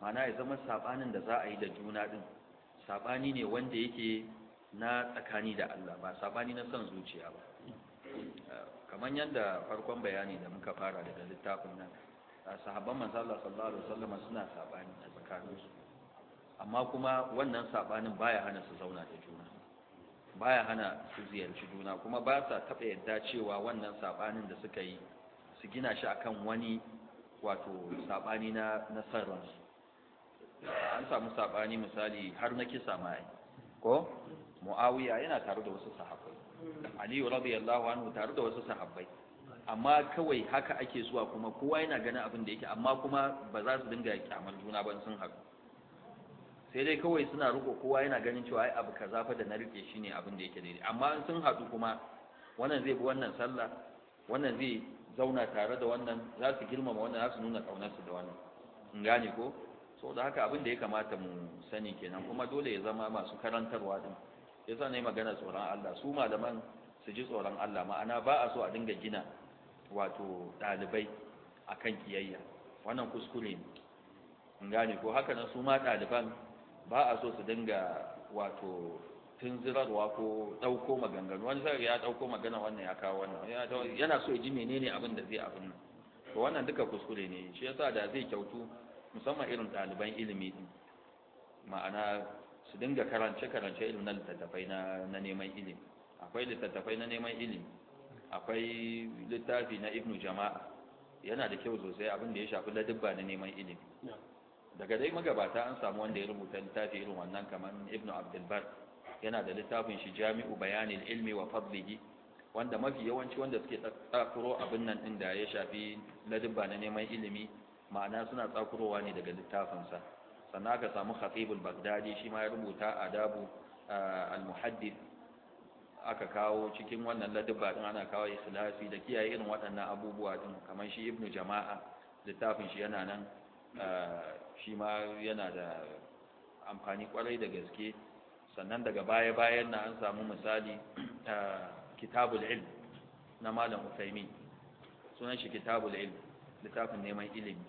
ma'ana ya zama sabanin da za a yi da juna din sabani ne wanda yake na tsakani da Allah ba sabani na son zuciya ba eh, kamar yadda farkon bayani da muka fara daga littafin nan sahabban manzo Allah sallallahu alaihi wasallam suna sabani a tsakaninsu amma kuma wannan sabanin baya hana su zauna da juna baya hana su ziyarci juna kuma ba sa taɓa yadda cewa wannan sabanin da suka yi su gina shi akan wani wato sabani na na ransu an samu sabani misali har na kisa mai ko muawiya yana tare da wasu sahabbai aliyu radiyallahu anhu tare da wasu sahabbai amma kawai haka ake zuwa kuma kowa yana ganin abin da yake amma kuma ba za su dinga kyamar juna ban sun haɗu sai dai kawai suna riko kowa yana ganin cewa ai abu kaza fa da na rike shine abin da yake daidai amma sun haɗu kuma wannan zai bi wannan sallah wannan zai zauna tare da wannan za su girmama wannan za su nuna su da wannan in gane ko da haka abin da ya kamata mu sani kenan kuma dole ya zama masu karantarwa din yasa ne magana tsoron Allah su malaman su ji tsoron Allah ma'ana ba a so a dinga gina wato ɗalibai akan kiyayya wannan kuskure ne in gane ko haka nan su ma ɗaliban ba a so su dinga wato tunzirarwa ko ɗauko maganganu wani zai ya ɗauko magana wannan ya kawo wannan yana so ya ji menene abin da zai abin nan to wannan duka kuskure ne shi yasa da zai kyautu musamman irin ɗaliban ilimi din ma'ana su dinga karance karance irin na littattafai na neman ilimi akwai littattafai na neman ilimi akwai littafi na ibnu jama'a yana da kyau sosai abin da ya shafi ladabba na neman ilimi daga dai magabata an samu wanda ya rubuta littafi irin wannan kamar ibnu abdulbar yana da littafin shi jami'u bayanin ilmi wa fadlihi wanda mafi yawanci wanda suke tsakuro abin nan din da ya shafi ladabba na neman ilimi ma'ana suna tsakurowa ne daga littafinsa sannan aka samu khatibul bagdadi shi ma ya rubuta adabu ah, al-muhaddith aka kawo cikin wannan ladabba din ana kawo ikhlasi da kiyaye irin waɗannan abubuwa din kamar shi ibnu jama'a littafin shi yana nan shi ma yana da amfani kwarai da gaske sannan daga baya bayan na an samu misali kitabul ilm na malam Uthaymeen sunan shi kitabul ilm littafin neman ilimi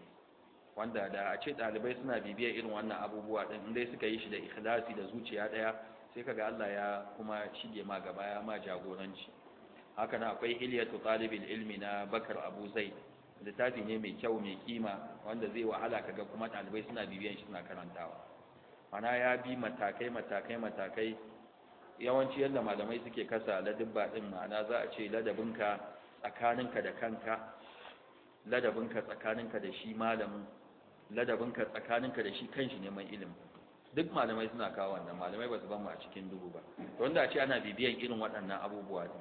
wanda da a ce ɗalibai suna bibiyar irin wannan abubuwa din dai suka yi shi da ikhlasi da zuciya ɗaya sai kaga Allah ya kuma shige ma gaba ya ma jagoranci haka na akwai hilyatu talibin ilmi na bakar abu zai littafi ne mai kyau mai kima wanda zai wahala kaga kuma ɗalibai suna bibiyan shi suna karantawa mana ya bi matakai matakai matakai yawanci yadda malamai suke kasa ladabba din ma'ana za a ce ladabinka tsakaninka da kanka ladabinka tsakaninka da shi malamin ladabinka tsakaninka da shi kanshi neman ilimin duk malamai suna kawo wannan malamai ba su ba mu a cikin dubu ba to wanda a ce ana bibiyan irin waɗannan abubuwa ne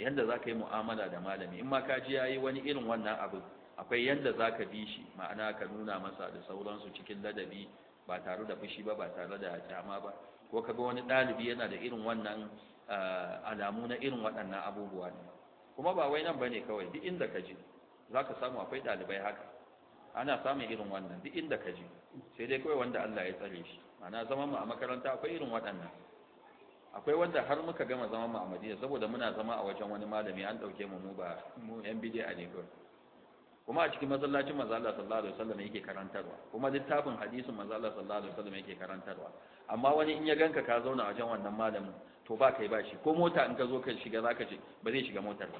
yanda za ka yi mu'amala da malami in ma ka ji ya yi wani irin wannan abu akwai yanda za ka bi shi ma'ana ka nuna masa da sauransu cikin ladabi ba tare da fushi ba ba tare da jama ba ko ka ga wani ɗalibi yana da irin wannan ah, alamu na irin waɗannan abubuwa ne kuma ba wai nan ba ne kawai duk inda ka je za ka samu akwai ɗalibai haka ana samun irin wannan duk inda ka je sai dai kawai wanda Allah ya tsare shi ana zaman mu a makaranta akwai irin waɗannan akwai wanda har muka gama zaman mu a madina saboda muna zama a wajen wani malami an ɗauke mu mu ba mu yan bidiya a kawai kuma a cikin masallacin manzo Allah sallallahu alaihi wasallam yake karantarwa kuma littafin hadisin manzo Allah sallallahu alaihi wasallam yake karantarwa amma wani in ya ganka ka zauna a wajen wannan malamin to ba kai ba shi ko mota in ka zo ka shiga zaka ce ba zai shiga motar ba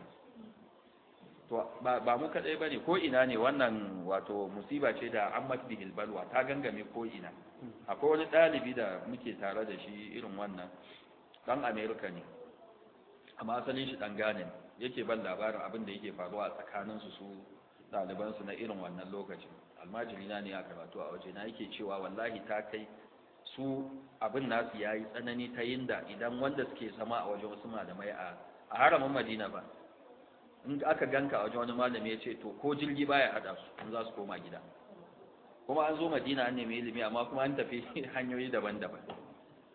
to ba mu kadai ne, ko ina ne wannan wato musiba ce da ammat bihil balwa ta gangame ko ina akwai wani dalibi da muke tare da shi irin wannan dan America ne amma asalin shi dan Ghana yake ban labarin abin da yake faruwa a tsakanin su su daliban su na irin wannan lokacin almajiri na ne ya karatu a waje na yake cewa wallahi ta kai su abin nasu yayi tsanani ta yinda idan wanda suke sama a waje wasu malamai a haramin Madina ba in aka ganka a wajen wani malami ya ce to ko jirgi baya hada su in za su koma gida kuma an zo madina an nemi ilimi amma kuma an tafi hanyoyi daban-daban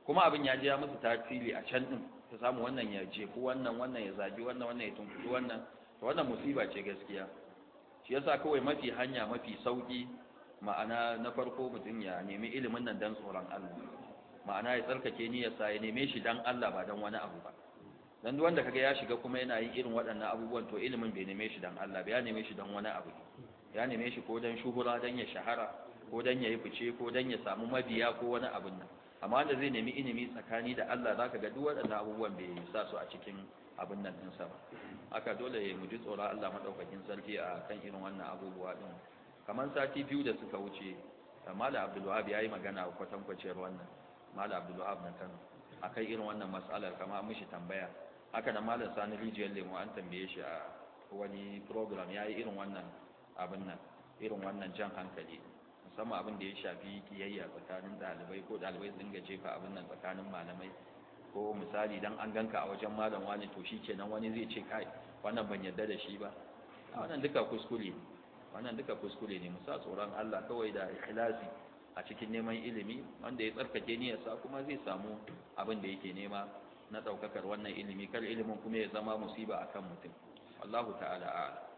kuma abin ya je ya musu tasiri a can din ta samu wannan ya ko wannan wannan ya zagi wannan wannan ya tunkuɗi wannan to wannan musiba ce gaskiya shi yasa kawai mafi hanya mafi sauki ma'ana na farko mutum ya nemi ilimin nan dan tsoron Allah ma'ana ya tsarkake niyyarsa ya neme shi dan Allah ba dan wani abu ba dan duk wanda kaga ya shiga kuma yana yin irin waɗannan abubuwan to ilimin bai neme shi dan Allah ba ya neme shi dan wani abu ya neme shi ko dan shuhura dan ya shahara ko dan yayi fice ko dan ya samu mabiya ko wani abun nan amma wanda zai nemi ilimi tsakani da Allah zaka ga duk waɗannan abubuwan bai sa su a cikin abin nan ɗinsa ba Aka dole mu ji tsoron Allah maɗaukakin sarki a kan irin wannan abubuwa din kamar sati biyu da suka wuce mala Abdul ya yi magana a kwatankwaciyar wannan mala abdulwahab na kano a kai irin wannan matsalar kama mishi tambaya haka da malam sani rijiyar lemu an tambaye shi a wani program ya yi irin wannan abin nan irin wannan jan hankali musamman abin da ya shafi kiyayya tsakanin ɗalibai ko ɗalibai su dinga jefa abin nan tsakanin malamai ko misali dan an ganka a wajen malam wani to shi kenan wani zai ce kai wannan ban yarda da shi ba wannan duka kuskure ne wannan duka kuskure ne musa tsoron Allah kawai da ikhlasi a cikin neman ilimi wanda ya tsarkake niyyarsa kuma zai samu abin da yake nema na ɗaukakar wannan ilimi kar ilimin kuma ya zama musiba akan mutum Allahu ta'ala a'lam